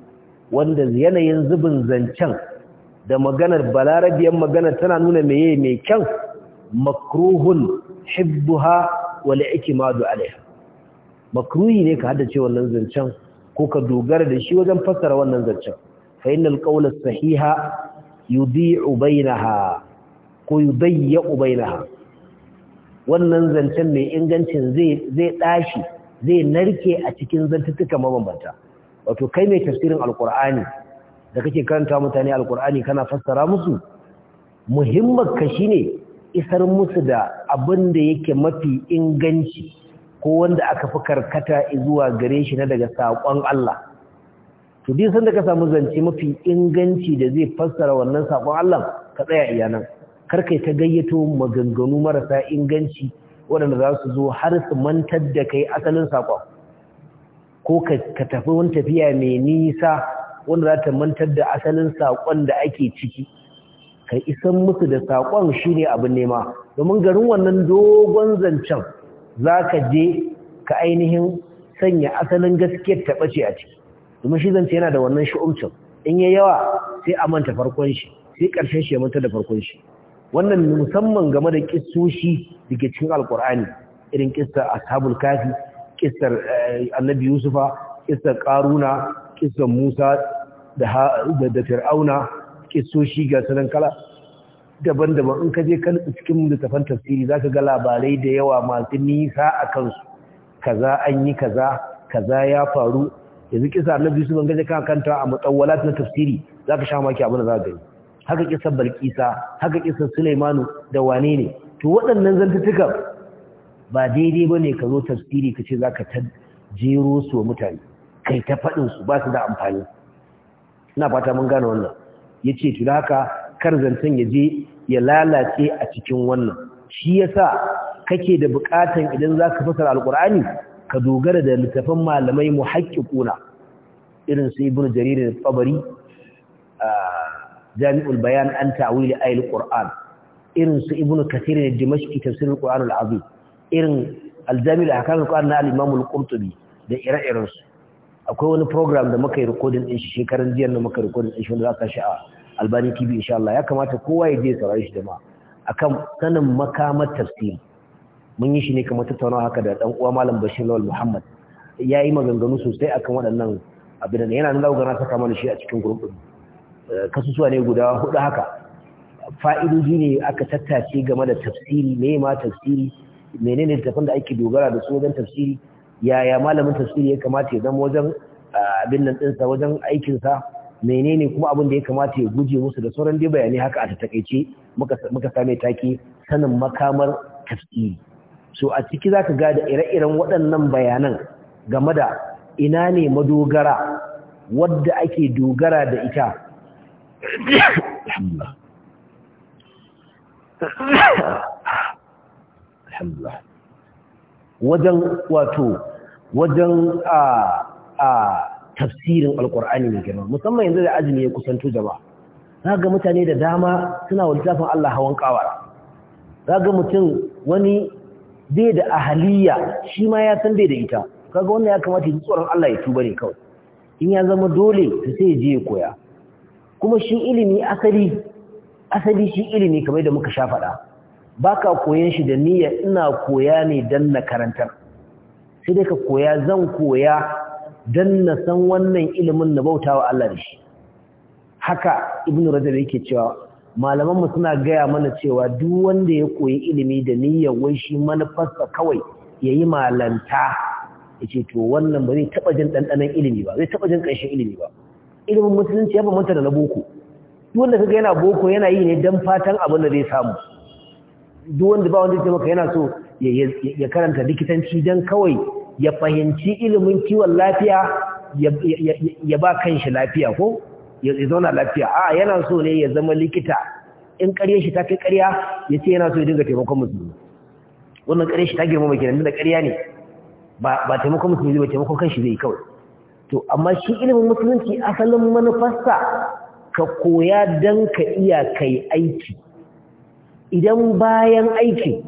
wanda yanayin zubin zancen da maganar balarabiyan maganar tana nuna meye mai kyau makruhun hibbuha wal ikmadu alaiha makruhi ne ka haddace wannan zancen ko ka dogara da shi wajen fassara wannan zancen fa innal qawla sahiha yudhi'u bainaha ko yudayyu bainaha wannan zancen mai ingancin zai zai dashi zai narke a cikin zantuttuka mabambanta wato kai mai tafsirin alqur'ani da kake karanta mutane alqur'ani kana fassara musu muhimmin ka shine isar musu da abin da yake mafi inganci ko wanda aka fi karkata zuwa gare shi na daga saƙon Allah to sun sanda ka samu zance mafi inganci da zai fassara wannan saƙon Allah ka tsaya iya nan kar kai ta gayyato maganganu marasa inganci waɗanda za su zo har su mantar da kai asalin saƙon ko ka tafi wani tafiya mai nisa wanda za ta mantar da asalin saƙon da ake ciki ka isan musu da saƙon shine abin nema domin garin wannan dogon zancen za ka je ka ainihin sanya asalin gaskiyar ta ɓace a ciki domin shi zance yana da wannan shi'umcin in ya yawa sai a manta farkon shi sai ƙarshen shi ya manta da farkon shi wannan musamman game da ƙistoshi da ke cikin alƙur'ani irin ƙistar ashabul kafi ƙistar eh, annabi yusufa ƙistar ƙaruna ƙistar musa da fir'auna shi ga sanan kala daban-daban in ka je kan cikin littafan tafsiri zaka ga labarai da yawa masu nisa a kansu kaza an yi kaza kaza ya faru yanzu kisa annabi su bangaje kan kanta a mutawwalat na tafsiri zaka sha maki abin da za ka gani haka kisar balkisa haka kisar sulaimanu da wane ne to waɗannan zantuttuka ba daidai ba ne ka zo tafsiri ka ce za ka ta jero su wa mutane kai ta faɗinsu ba su da amfani ina fata mun gane wannan Ya ce to haka kar zantan ya je ya lalace a cikin wannan shi ya sa kake da bukatan idan za ka fasara alƙur'ani ka dogara da littafan malamai mu haƙƙi ƙuna. irin su ibnu jarir al-tabari jami'ul bayan an ta'wil ayil ƙuran irin su ibnu kathir da dimashqi tafsirin al-qur'an al irin al-jami' al-ahkam al-qur'an na al imamul al-qurtubi da ire-iren su akwai wani program da muka yi recording din shi shekaran jiya da muka recording din shi wanda za ka shi a Albani TV insha Allah ya kamata kowa ya je saurare shi jama'a akan sanin makamar tafsiri mun yi shi ne kamar tattaunawa haka da dan uwa Malam Bashir Lawal Muhammad ya yi maganganu sosai akan waɗannan abin da yana nuna gana saka mana shi a cikin group din eh, kasusuwa ne guda hudu haka fa'idoji ne aka tattace game da tafsiri me ma tafsiri menene tafin da ake dogara da su wajen tafsiri yaya malamin tafsiri ya kamata ya zama wajen abin nan ɗinsa wajen aikinsa menene kuma abin da ya kamata ya guje musu da sauran dai bayanai haka a takaice muka same take sanin makamar tafsiri so a ciki zaka ga da ire-iren waɗannan bayanan game da ina ne madogara wadda ake dogara da ita alhamdulillah alhamdulillah wajen wato wajen a a tafsirin alkur'ani mai girma musamman yanzu da azumi ya kusanto jama'a za ga mutane da dama suna wa littafin Allah hawan kawara za ga mutum wani dai da ahaliya shi ma ya san bai da ita kaga wannan ya kamata yi tsoron Allah ya tuba ne kawai in ya zama dole su sai je ya koya kuma shi ilimi asali asali shi ilimi kamar da muka sha faɗa Ba ka koyan shi da niyyar ina koya ne dan na karantar sai dai ka koya zan koya dan na san wannan ilimin na bauta wa Allah da shi haka ibnu rajab yake cewa malaman mu suna gaya mana cewa duk wanda ya koyi ilimi da niyyar wai shi manufarsa kawai yayi malanta yace to wannan ba zai taba jin dandanan ilimi ba zai taba jin ƙarshen ilimi ba ilimin musulunci ya bambanta da na boko duk wanda kaga yana boko yana yi ne dan fatan abin da zai samu duk wanda ba wanda ya taimaka yana so ya karanta likitanci don kawai ya fahimci ilimin kiwon lafiya ya ba kanshi lafiya ko ya zauna lafiya a yana so ne ya zama likita in karye shi ta kai karya ya ce yana so ya dinga taimakon musulmi wannan karye shi ta girma mai kenan da karya ne ba taimakon musulmi zai ba taimakon kanshi zai kawai to amma shi ilimin musulunci asalin manufarsa ka koya don ka iya kai aiki idan bayan aiki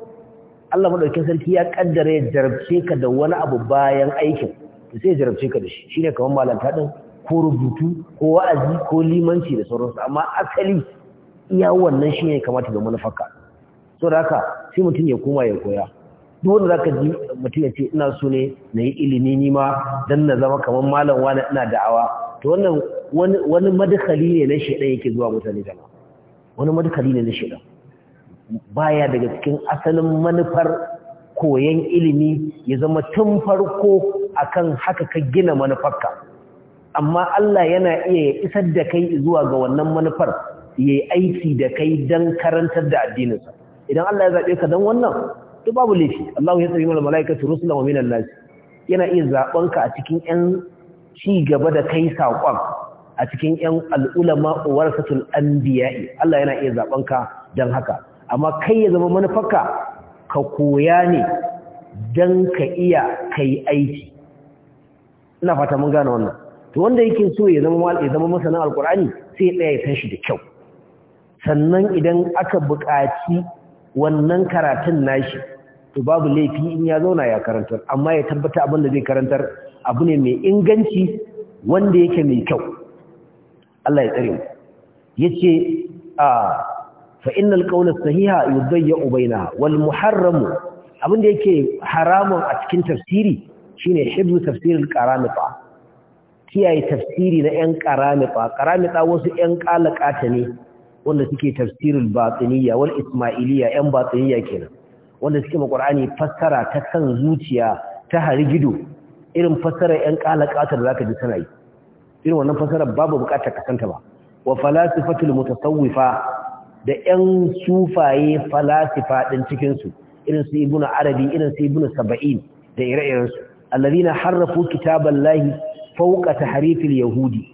Allah madaukakin sarki ya kaddara ya jarabce ka da wani abu bayan aikin to sai ya jarabce ka da shi shine kamar malanta din ko rubutu ko wa'azi ko limanci da sauransu amma asali iya wannan shine kamata ga manufarka so da haka sai mutum ya koma ya koya duk wanda zaka ji mutum ya ce ina so ne na yi ilimi ni ma dan na zama kamar malam wani ina da'awa to wannan wani wani madakali ne na shedan yake zuwa mutane jama'a wani madakali ne na shedan baya daga cikin asalin manufar koyon ilimi ya zama tun farko akan haka ka gina manufarka amma Allah yana iya ya isar da kai zuwa ga wannan manufar ya yi aiki da kai don karantar da addininsa idan Allah ya zaɓe ka don wannan to babu laifi Allah ya tsaye mana mala'ikatu rusula wa minan nas yana iya zaɓen a cikin ƴan ci gaba da kai saƙon a cikin ƴan al'ulama warasatul anbiya'i Allah yana iya zaɓen ka don haka amma kai ya zama manufaka ka koya ne don ka iya kai aiki ina fata mun gane wannan to wanda yake so ya zama ya zama masanin alkur'ani sai ya ya san shi da kyau sannan idan aka buƙaci wannan karatun nashi to babu laifi in ya zauna ya karantar amma ya tabbata abin da zai karantar abu ne mai inganci wanda yake mai kyau Allah ya tsare mu yace a ah, fa innal qawla sahiha ya ubaina. wal muharram abin da yake haramun a cikin tafsiri shine hibzu tafsirul qaramita kiyaye tafsiri na yan qaramita qaramita wasu yan qalaqata ne wanda suke tafsirul batiniya wal ismailiya yan batiniya kenan wanda suke maƙur'ani fassara ta kan zuciya ta harigido irin fassara ‘yan ƙalaƙatar za ka ji tana yi irin wannan fassara babu buƙatar kasanta ba wa falasifatul mutasawwifa da ƴan sufaye falasifa ɗin cikinsu su irin su ibnu arabi irin su ibnu saba'in da ire-iren su harrafu kitaballahi fawqa taharifil yahudi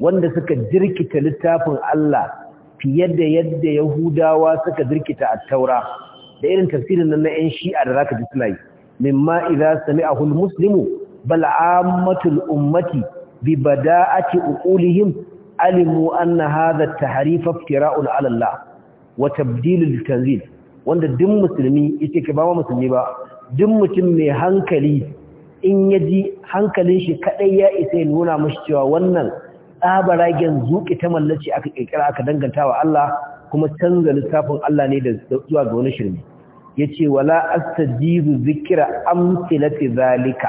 wanda suka jirkita littafin Allah fiye da yadda yahudawa suka jirkita at-taura da irin tafsirin nan na ƴan shi'a da zaka ji suna yi mimma idza sami'ahu al-muslimu bal ammatul ummati bi bada'ati uqulihim alimu anna hadha at-tahrif iftira'un 'ala Allah wa tabdilul tanzil wanda duk musulmi yake ke ba musulmi ba duk mutum mai hankali in yaji hankalin shi kadai ya isa ya nuna mashi cewa wannan gen zuƙi ta mallaci aka kirkira aka danganta wa Allah kuma canza lissafin Allah ne da zuwa ga wani shirme yace wala astajibu zikra amsilati zalika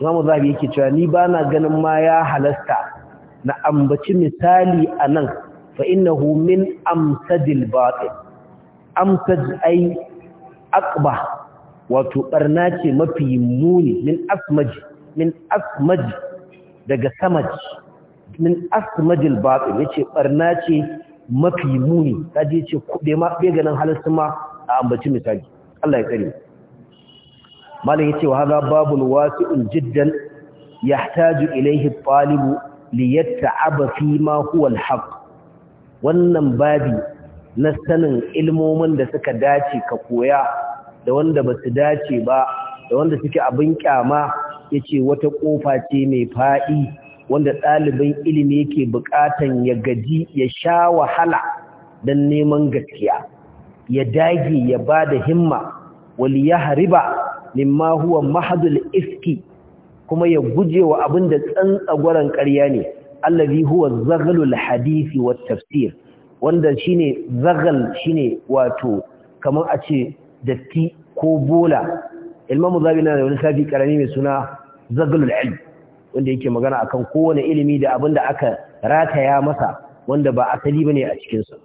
Imam Zahabi yake cewa ni bana ganin ma ya halasta na ambaci misali anan fa innahu min amsadil batil amsad ai aqba wato barna ce mafi muni min asmaji min asmaji daga samaji min asmajil batil yace barna ce mafi muni kaje yace kube ma bai ganin halittun ma a ambaci misali Allah ya kare malam yace wa hadha babul jiddan yahtaju ilayhi at-talib liyatta'aba fi ma huwa wannan babi na sanin ilmomin da suka dace ka koya da wanda ba su dace ba da wanda suke abin kyama ya ce wata ƙofa ce mai faɗi wanda ɗalibin ilimi yake buƙatan ya gaji ya sha wahala don neman gaskiya ya dage ya ba da himma wali ya hariba huwa mahadul iski kuma ya guje wa abin da gwaron ƙarya ne allazi huwa zaghlul hadisi wat tafsir wanda shine zagal shine wato kamar a ce datti ko bola imam zabi na da wani safi karami mai suna zagalul ilm wanda yake magana akan kowane ilimi da abin da aka rataya masa wanda ba asali bane a cikin sa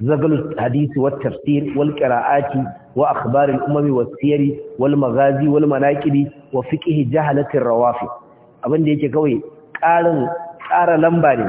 zagalul hadisi wat tafsir wal qira'ati wa akhbar al umami was siyari wal maghazi wal manaqibi wa fiqh jahalatir rawafi abin da yake kawai ƙarin ƙara lamba ne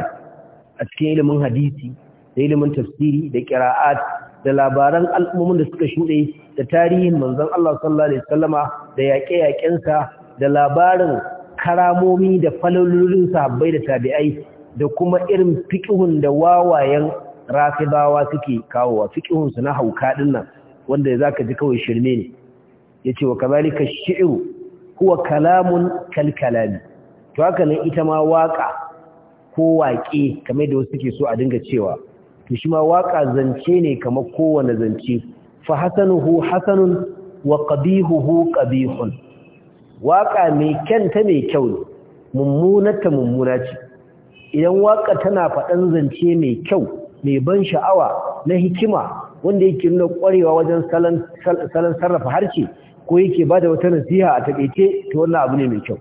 a cikin ilimin hadisi da ilimin tafsiri da ƙira'at da labaran al'ummomin da suka shuɗe da tarihin manzon Allah sallallahu alaihi wasallama da yaƙe-yaƙensa da labarin karamomi da falolin sahabbai da tabi'ai da kuma irin fiƙihun da wawayen rafibawa suke kawowa fiƙihun na hauka nan wanda zaka ji kawai shirme ne ya ce wa kazalika shi'ru wa kalamun kalkalami to haka nan ita ma waƙa. ko waƙe kamar da wasu ke so a dinga cewa to shi ma waƙa zance ne kamar kowane zance fa hasanuhu hasanun wa qabihuhu qabihun waƙa mai kyanta mai kyau ne mummunarta mummuna ce idan waƙa tana faɗan zance mai kyau mai ban sha'awa na hikima wanda yake nuna ƙwarewa wajen salon sarrafa harshe ko yake ba da wata nasiha a taƙaice to wannan abu ne mai kyau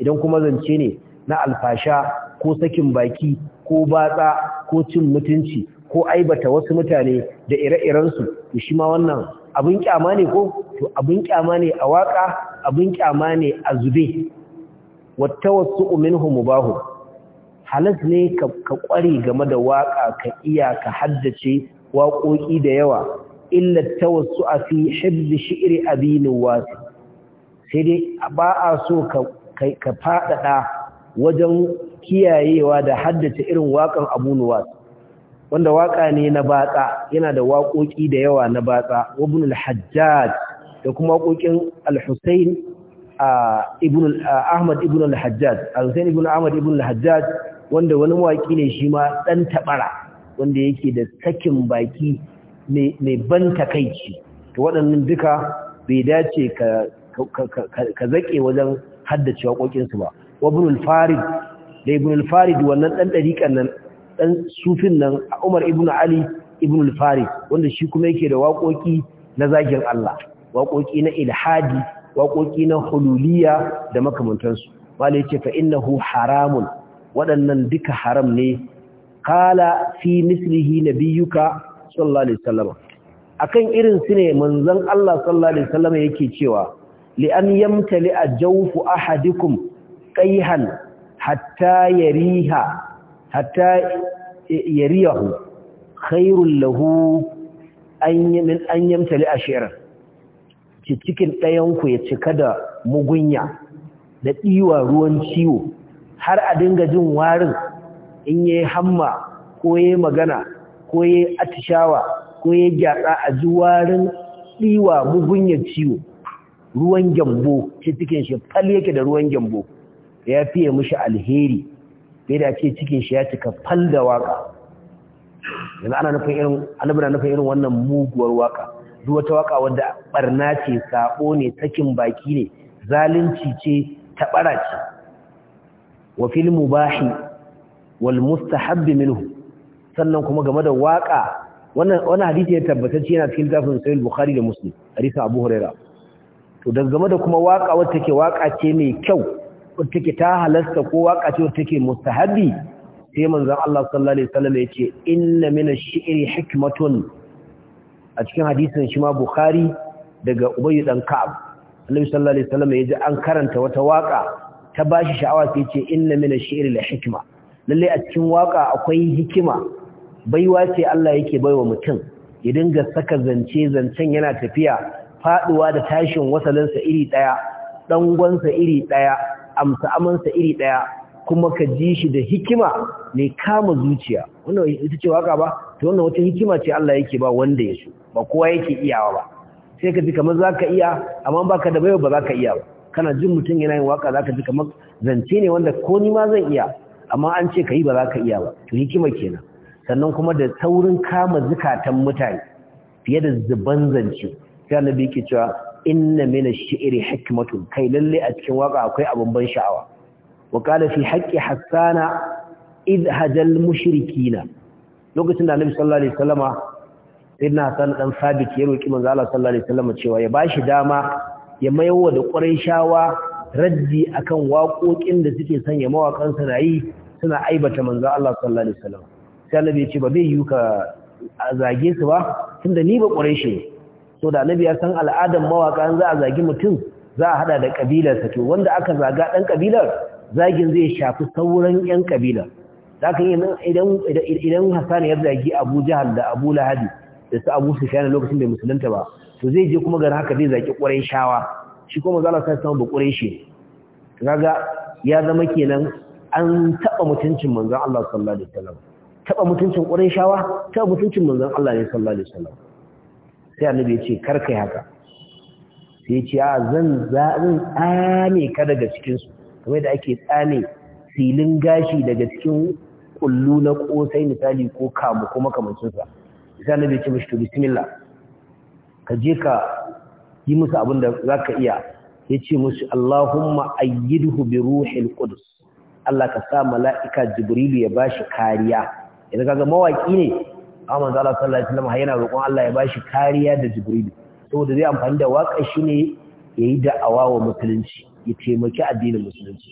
idan kuma zance ne na alfasha ko sakin baki ko batsa ko cin mutunci ko aibata wasu mutane da ire-irensu to shi ma wannan abin kyama ne ko to abin kyama ne a waka abin kyama ne a zube wattawassu minhu mubahu halas ne ka kware game da waka ka iya ka haddace waƙoƙi da yawa illa tawassu fi hibbi shi'ri abin wasi sai dai ba a so ka ka faɗaɗa wajen kiyayewa da haddace irin waƙan Abu Nuwas wanda waƙa ne na batsa yana da waƙoƙi da yawa na batsa Ibn al-Hajjaj da kuma waƙoƙin Al-Husayn Ahmad ibn al-Hajjaj Al-Husayn ibn Ahmad ibn al-Hajjaj wanda wani waƙi ne shi ma dan tabara wanda yake da sakin baki mai ban takaici to waɗannan duka bai dace ka ka zaƙe wajen haddace waƙoƙinsu ba al farid da ibn al-farid wannan dan dariƙan nan dan sufin nan Umar ibn Ali ibn al-farid wanda shi kuma yake da waƙoƙi na zagin Allah waƙoƙi na ilhadi waƙoƙi na hululiya da makamantansu malai yace fa innahu haramun waɗannan duka haram ne kala fi mislihi nabiyuka sallallahu alaihi wasallam akan irin su ne manzon Allah sallallahu alaihi wasallam yake cewa li an yamtali ajawfu ahadikum qayhan hatta yariha hatta yariyahu khairul lahu an yamin an yamtali ashirin cikin ɗayanku ya cika da mugunya da ɗiwa ruwan ciwo har a dinga jin warin in yayi hamma ko magana ko yayi atishawa ko gyatsa a ji warin ɗiwa mugunyar ciwo ruwan gyambo cikin shi fal yake da ruwan gyambo ya fiye mushi alheri bai da ce cikin shi ya cika fal da waka yanzu ana nufin irin annabi nufin irin wannan muguwar waka duk wata waka wanda barna ce sabo ne sakin baki ne zalunci ce tabara ce wa fil mubahi wal mustahab minhu sannan kuma game da waka wannan wannan hadisi ya tabbata yana cikin tafsirin sahih bukhari da muslim hadisi abu hurairah to dangane da kuma waka wacce ke waka ce mai kyau take ta halasta ko waka ce take mustahabi sai manzon Allah sallallahu alaihi wasallam yace inna min ash-shi'ri hikmatun a cikin hadisin shi ma Bukhari daga Ubay dan Ka'ab Annabi sallallahu alaihi wasallam ji an karanta wata waka ta bashi sha'awa sai yace inna min ash-shi'ri la hikma lalle a cikin waka akwai hikima baiwa ce Allah yake baiwa mutum ya dinga saka zance zancen yana tafiya faduwa da tashin wasalinsa iri daya dangonsa iri daya amsa amansa iri ɗaya kuma ka ji shi da hikima mai kama zuciya wannan ita ce waka ba to wannan wata hikima ce Allah yake ba wanda ya so ba kowa yake iyawa ba sai ka ji kamar zaka iya amma baka da baiwa ba zaka iya ba kana jin mutum yana yin waka zaka ji kamar zance ne wanda ko ni ma zan iya amma an ce yi ba ka iya ba to hikima kenan sannan kuma da saurin kama zukatan mutane fiye da zuban zance sai annabi yake cewa inna min ash-shi'ri hikmatun kai lalle a cikin waka akwai abun ban sha'awa wa qala fi haqqi hassana id hajal mushrikina lokacin da annabi sallallahu alaihi wasallama inna san dan sabit ya roki manzo Allah sallallahu alaihi wasallama cewa ya bashi dama ya mayowa da shawa, raddi akan waƙoƙin da suke sanya mawakan su yi suna aibata manzo Allah sallallahu alaihi wasallama sai annabi ya ce ba zai yi ka zage su ba tunda ni ba ne. so da annabi ya san al'adan mawaka an za a zagi mutum za a hada da sa to wanda aka zaga dan kabilar zagin zai shafi sauran yan da kan idan idan Hassan ya zagi Abu Jahal da Abu Lahab da su Abu Sufyan lokacin da musulunta ba to zai je kuma ga haka zai zaki Qurayshawa shi kuma zalla sai samu Qurayshi kaga ya zama kenan an taba mutuncin manzon Allah sallallahu alaihi wasallam taba mutuncin Qurayshawa taba mutuncin manzon Allah ne sallallahu alaihi wasallam sai annabi ya ce kar haka sai ya ce a zan zan tsame ka daga cikinsu su kamar da ake tsame silin gashi daga cikin kullu na ƙosai, misali ko kamu ko makamancin sa sai annabi ya ce to bismillah ka je ka yi musu abin da zaka iya ya ce musu Allahumma ayyidhu bi ruhil qudus Allah ka sa mala'ika jibrilu ya bashi kariya idan kaga mawaki ne amma Zala sallallahu alaihi wasallam yana roƙon Allah ya bashi kariya da Jibril saboda zai amfani da waka shi ne yayi da'awa wa musulunci ya taimaki addinin musulunci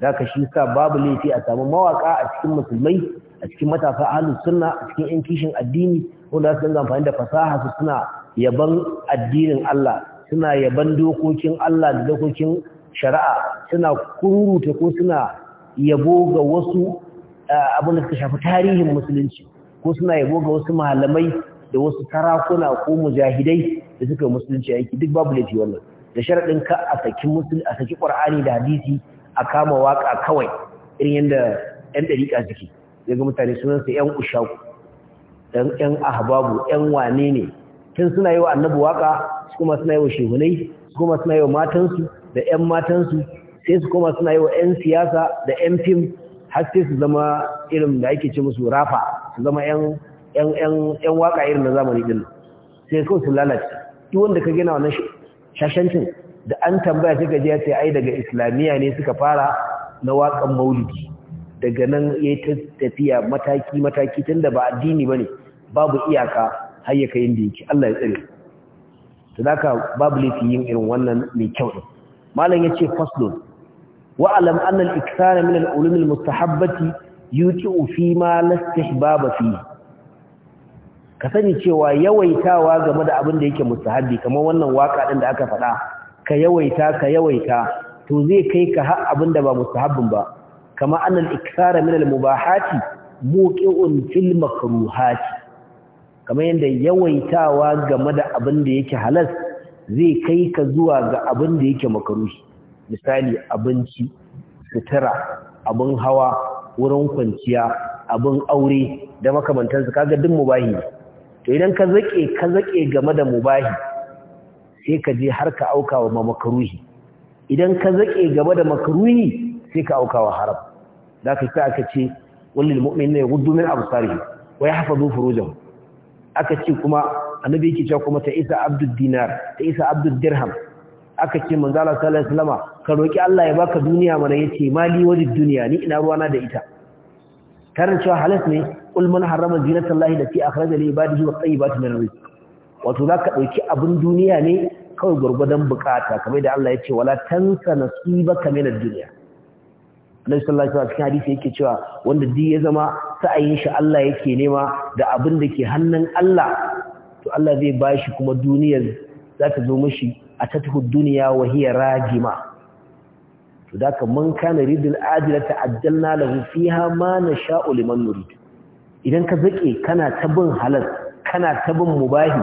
zaka shi sa babu laifi a samu mawaka a cikin musulmai a cikin matasa ahlus sunna a cikin yan kishin addini wanda su dinga amfani da fasaha su suna yaban addinin Allah suna yaban dokokin Allah da dokokin shari'a suna kururuta ko suna yabo ga wasu eh, abin da suka shafi tarihin musulunci ko suna yabo ga wasu malamai da wasu sarakuna ko mujahidai da suka musulunci aiki duk babu laifi wannan da sharadin ka a saki musulunci a saki qur'ani da hadisi a kama waka kawai irin yanda yan dariƙa suke daga mutane sunan sa yan ushaku dan yan ahbabu yan wane ne kin suna yi wa annabi waka kuma suna yi wa shehunai kuma suna yi wa matansu da yan matansu sai su kuma suna yi wa yan siyasa da yan fim har sai su zama irin da ake ce musu rafa su zama yan waka irin na zamani ɗin sai kawai su lalace duk wanda ka gina wannan shashancin da an tambaya sai ka ji ya ce ai daga islamiyya ne suka fara na waƙan maulidi daga nan ya ta tafiya mataki mataki tunda ba addini bane babu iyaka har ya kai yake Allah ya tsare to daka babu laifin yin irin wannan mai kyau ɗin. malam ya ce wa wa'alam annal al-ikthar min al mustahabbati yuti'u fi ma lastihbab fi ka sani cewa yawaitawa game da abin da yake mustahabi kamar wannan waka din da aka faɗa ka yawaita ka yawaita to zai kai ka har abin da ba mustahabbin ba kama annal ikthara min al mubahati muqi'un fil makruhati kamar yadda yawaitawa game da abin da yake halas zai kai ka zuwa ga abin da yake makruhi misali abinci sutura abin hawa wurin kwanciya abin aure da makamantansu kaga duk mubahi to idan ka zake ka zake game da mubahi sai ka je har ka auka wa makruhi idan ka zaƙe game da makruhi sai ka aukawa haram da ka sai aka ce wallil mu'minina yaghuddu min absarihi wa yahfazu furujahu aka ce kuma annabi yake cewa kuma ta isa abdud dinar ta isa abdud dirham aka ce manzala sallallahu alaihi wasallam ka roki Allah ya baka duniya mana yace mali wajin duniya ni ina ruwana da ita karin cewa halas ne kul man harrama zinatullahi da lati akhraja li ibadihi wa tayyibati min rizq wato zaka dauki abun duniya ne kawai gurgudan bukata kamar da Allah yace wala tansa nasibaka min ad-dunya Allah sallallahu alaihi wasallam hadisi yake cewa wanda duk ya zama sa'ayin shi Allah yake nema da abin da ke hannun Allah to Allah zai bashi kuma duniyar za ta zo mishi atatuhu dunya wa hiya rajima to daka man kana ridil ajilata ajjalna lahu fiha ma nasha'u liman nurid idan ka zake kana ta bin halal kana ta bin mubahi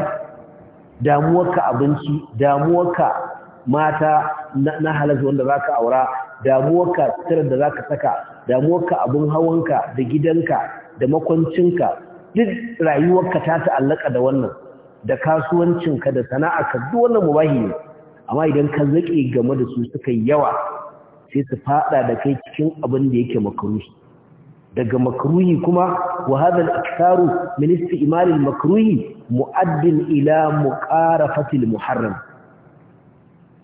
damuwarka abinci damuwarka mata na halal wanda zaka aura damuwarka tsirar da zaka saka damuwarka abin hawanka da gidanka da makwancinka duk rayuwarka ta ta'allaka da wannan da kasuwancinka da sana'arka duk wannan mubahi ne amma idan ka zaƙe game da su suka yawa sai su fada da kai cikin abin da yake makruhi daga makruhi kuma wa hadha al-iktharu min isti'mal al-makruhi mu'addin ila muqarafati al-muharram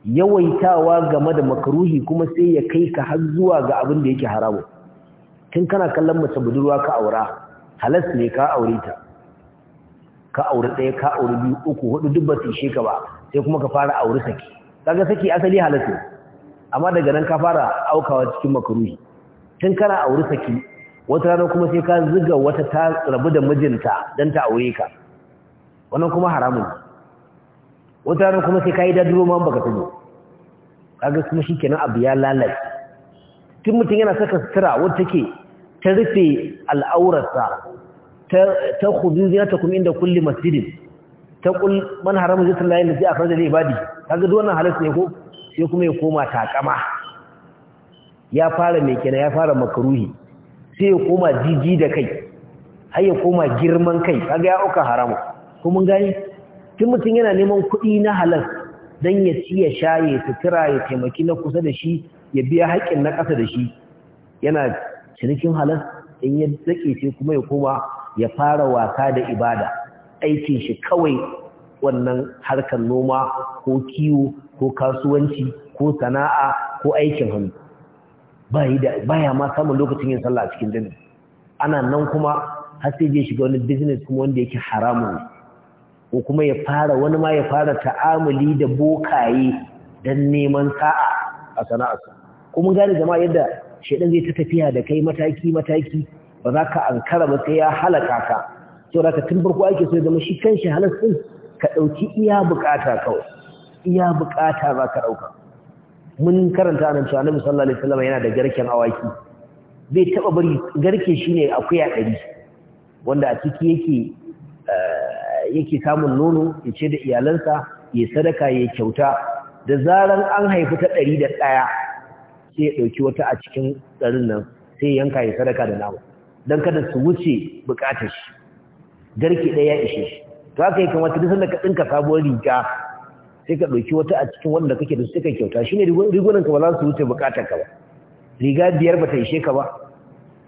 yawaitawa game da makruhi kuma sai ya kai ka har zuwa ga abin da yake haramu tun kana kallon mace budurwa ka aura halas ne ka aure ta ka aure ɗaya ka aure biyu uku hudu duk ba su ishe ka ba sai kuma ka fara aure saki kaga saki asali halatu amma daga nan ka fara aukawa cikin makruhi tun kana aure saki wata rana kuma sai ka zuga wata ta rabu da mijinta dan ta aure ka wannan kuma haramun wata rana kuma sai ka yi dadiro ma baka tuno kaga kuma shikenan abu ya lalace tun mutum yana saka sutura wata take ta rufe al'aurarsa ta ta khudu zinata kuma inda kulli masjidin ta kul man zai zikrullahi allazi da li ibadi Ta ga wannan halittu ne ko sai kuma ya koma takama ya fara mai kina ya fara makruhi sai ya koma jiji da kai har ya koma girman kai ga ya auka haramu ko mun gani tun mutum yana neman kuɗi na halas don ya ci ya sha ya sutura ya taimaki na kusa da shi ya biya haƙƙin na ƙasa da shi yana cinikin halas in ya dake sai kuma ya koma ya fara wasa da ibada aikin shi kawai wannan harkar noma ko kiwo ko kasuwanci ko sana'a ko aikin hannu ba baya ma samun lokacin yin sallah a cikin jami ana nan kuma har sai je shiga wani business kuma wanda yake haramun ko kuma ya fara wani ma ya fara ta'amuli da bokaye don neman sa'a a sana'arsa kuma gane jama'a yadda shaidan zai ta tafiya da kai mataki mataki ba za ka ankara ba sai ya halaka ka saboda ka tun farko ake so ya zama shi shi halas din ka ɗauki iya bukata kawai iya bukata za ka ɗauka mun karanta nan cewa annabi sallallahu alaihi wasallam yana da garken awaki bai taba bari garke shine akuya ɗari wanda a ciki yake eh, yake samun nono ya ce da iyalansa ya sadaka ya kyauta da zaran an haifi ta ɗari da ɗaya sai ya ɗauki wata a cikin ɗarin nan sai yanka ya sadaka da nama don kada su wuce buƙatar shi garki ɗaya ya ishe shi to haka ya kamata duk sanda ka ɗinka sabuwar riga sai ka ɗauki wata a cikin wanda kake da su kai kyauta shine rigunan ka ba za su wuce bukatar ka ba riga biyar ba ta ishe ka ba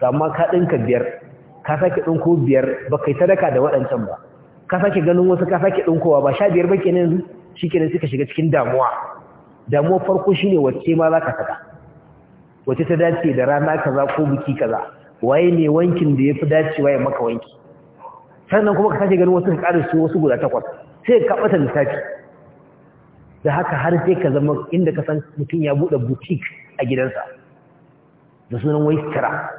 amma ka ɗinka biyar ka sake ɗinko biyar ba kai sadaka da waɗancan ba ka sake ganin wasu ka sake ɗinkowa ba sha biyar ba kenan yanzu shi kenan suka shiga cikin damuwa damuwa farko shine wacce ma za ka saka wacce ta dace da rana kaza ko biki kaza waye ne wankin da ya fi dacewa ya maka wanki sannan kuma ka sake ganin wasu ka ƙara wasu guda takwas sai ka ɓata littafi. da haka har sai ka zama inda ka san mutum ya buɗe butik a gidansa da sunan wai sitara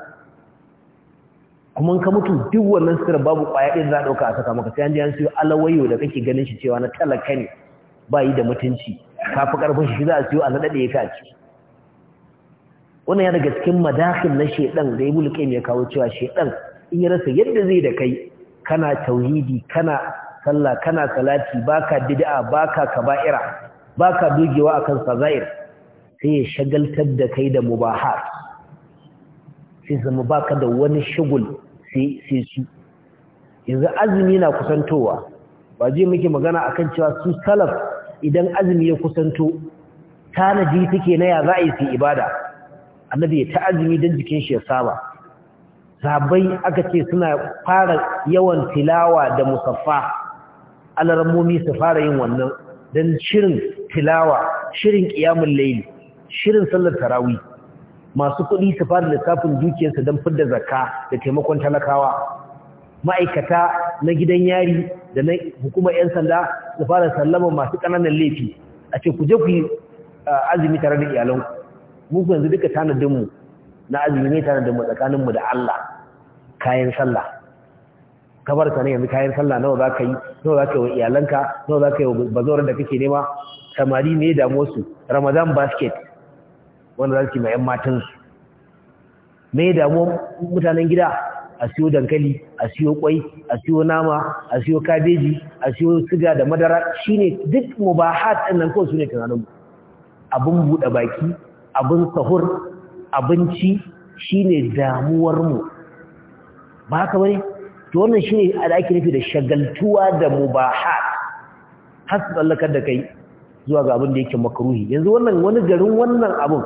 kuma ka mutu duk wannan sutura babu ƙwaya ɗin za a ɗauka a saka maka sai an ji an siyo alawayo da kake ganin shi cewa na talaka ne ba yi da mutunci ka fi ƙarfin shi za a siyo a naɗaɗe ya ka ci wannan ya daga cikin madakin na shaiɗan da ya qayyim ya kawo cewa shaiɗan in ya rasa yadda zai da kai kana tauhidi kana sallah kana salati baka bid'a baka kaba'ira baka dugewa akan sazair sai ya shagaltar da kai da mubahat sai zama baka da wani shugul sai sai su yanzu azumi na kusantowa ba je muke magana akan cewa su salaf idan azumi ya kusanto tanaji take na ya za a yi ibada annabi ya ta azumi don jikin shi ya saba sahabbai aka ce suna fara yawan tilawa da musaffa alarmomi su fara yin wannan don shirin tilawa shirin ƙiyamun laili shirin sallar tarawi masu kuɗi su fara lissafin dukiyarsu don fidda zakka da taimakon talakawa ma'aikata na gidan yari da na hukumar 'yan sanda su fara sallama masu ƙananan laifi a ce ku je ku ah, azumi tare da iyalanku mu yanzu duka tanadinmu na azumi ne da mu tsakanin mu da Allah kayan sallah kabar ka ne yanzu kayan sallah nawa zaka yi nawa zaka yi wa iyalanka nawa zaka yi wa bazoran da kake nema samari ne da musu Ramadan basket wanda za su yi ma yan matan su me da mu mutanen gida a siyo dankali a siyo kwai a siyo nama a siyo kabeji a siyo siga da madara shine duk mubahat ɗin nan kawai su ne tunanin abun buɗe baki abun sahur abinci shine damuwarmu ba haka bane to wannan shine da ake nufi da shagaltuwa da mubaha har tsallakar da kai zuwa ga abin da yake makruhi yanzu wannan wani garin wannan abin,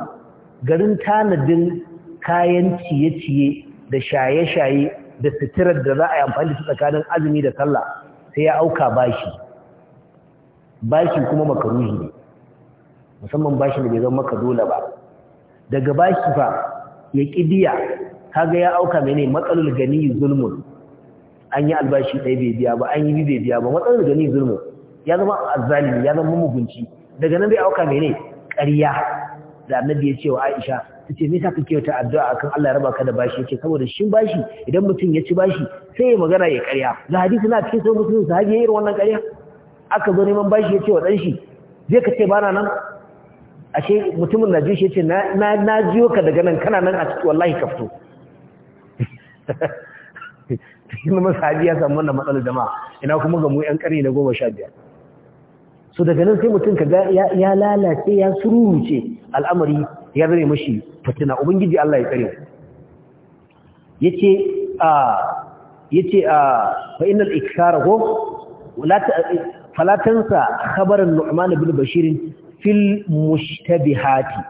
garin tanadin kayan ciye-ciye da shaye-shaye da sitirar da za a yi amfani da su tsakanin azumi da sallah sai ya auka bashi bashi kuma makaruhi ne musamman bashi da bai zama maka dole ba daga bashi fa ya kidiya kaga ya auka mene matsalul gani zulmun an yi albashi ɗaya bai biya ba an yi bai biya ba matsalul gani zulmun ya zama azzalimi ya zama mugunci daga nan bai auka mene ƙarya da annabi ya ce wa Aisha ta ce nisa kake wata addu'a akan Allah ya raba ka da bashi yake saboda shin bashi idan mutum ya ci bashi sai ya magana ya ƙarya ga hadisi na cikin sai ya sahabi irin wannan ƙarya aka zo neman bashi yace wa dan shi zai ka ce bana nan ashe mutumin na jiyo shi ce na jiyo ka daga nan kana nan a ciki wallahi ka fito ina masahabi ya samu wannan matsalar jama'a ina kuma ga mu yan na goma sha biyar so daga nan sai mutum ka ya lalace ya sururuce al'amari ya zame mashi fatina ubangiji Allah ya tsare yace a ce a fa'inal innal ko falatansa tansa khabaran nu'man bin bashirin fil mushtabihati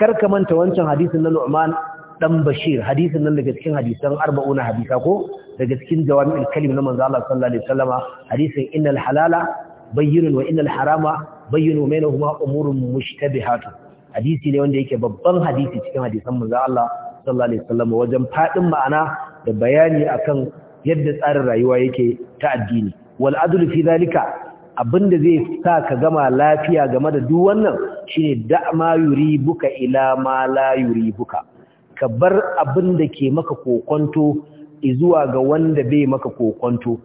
kar ka manta wancan hadisin na Nu'man dan Bashir hadisin nan daga cikin hadisan 40 hadisa ko daga cikin jawami'ul kalim na manzo Allah sallallahu alaihi wasallama hadisin innal halala bayyinun wa innal harama bayyinun bainahuma umurun mushtabihatu hadisi ne wanda yake babban hadisi cikin hadisan manzo Allah sallallahu alaihi wasallama wajen fadin ma'ana da bayani akan yadda tsarin rayuwa yake ta addini wal adlu fi zalika Abin da zai sa ka gama lafiya game da duk wannan shine da ma buka ila ma la buka. ka bar abin da ke maka kokonto zuwa ga wanda bai maka kokonto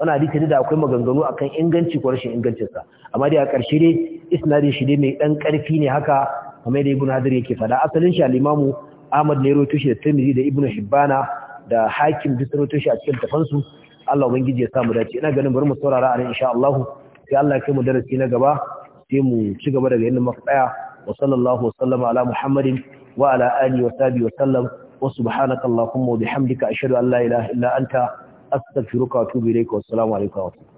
wannan hadisi da akwai maganganu a kan inganci ko rashin ingancin sa amma dai a ƙarshe dai isnadin shi dai mai dan karfi ne haka kamar da Ibn hadir yake fada asalin shi al imamu Ahmad ne rawaito shi da Tirmidhi da Ibn Hibbana da Hakim duk rawaito shi a cikin tafansu Allah ubangiji ya samu dace ina ganin bari mu saurara a nan insha Allah sai Allah ya kai mu darasi na gaba sai mu ci gaba daga inda muka tsaya wa sallallahu wasallama ala muhammadin wa ala alihi wa sahbihi wa sallam wa subhanaka allahumma wa bihamdika ashhadu an la ilaha illa anta astaghfiruka wa atubu ilayka wa assalamu alaikum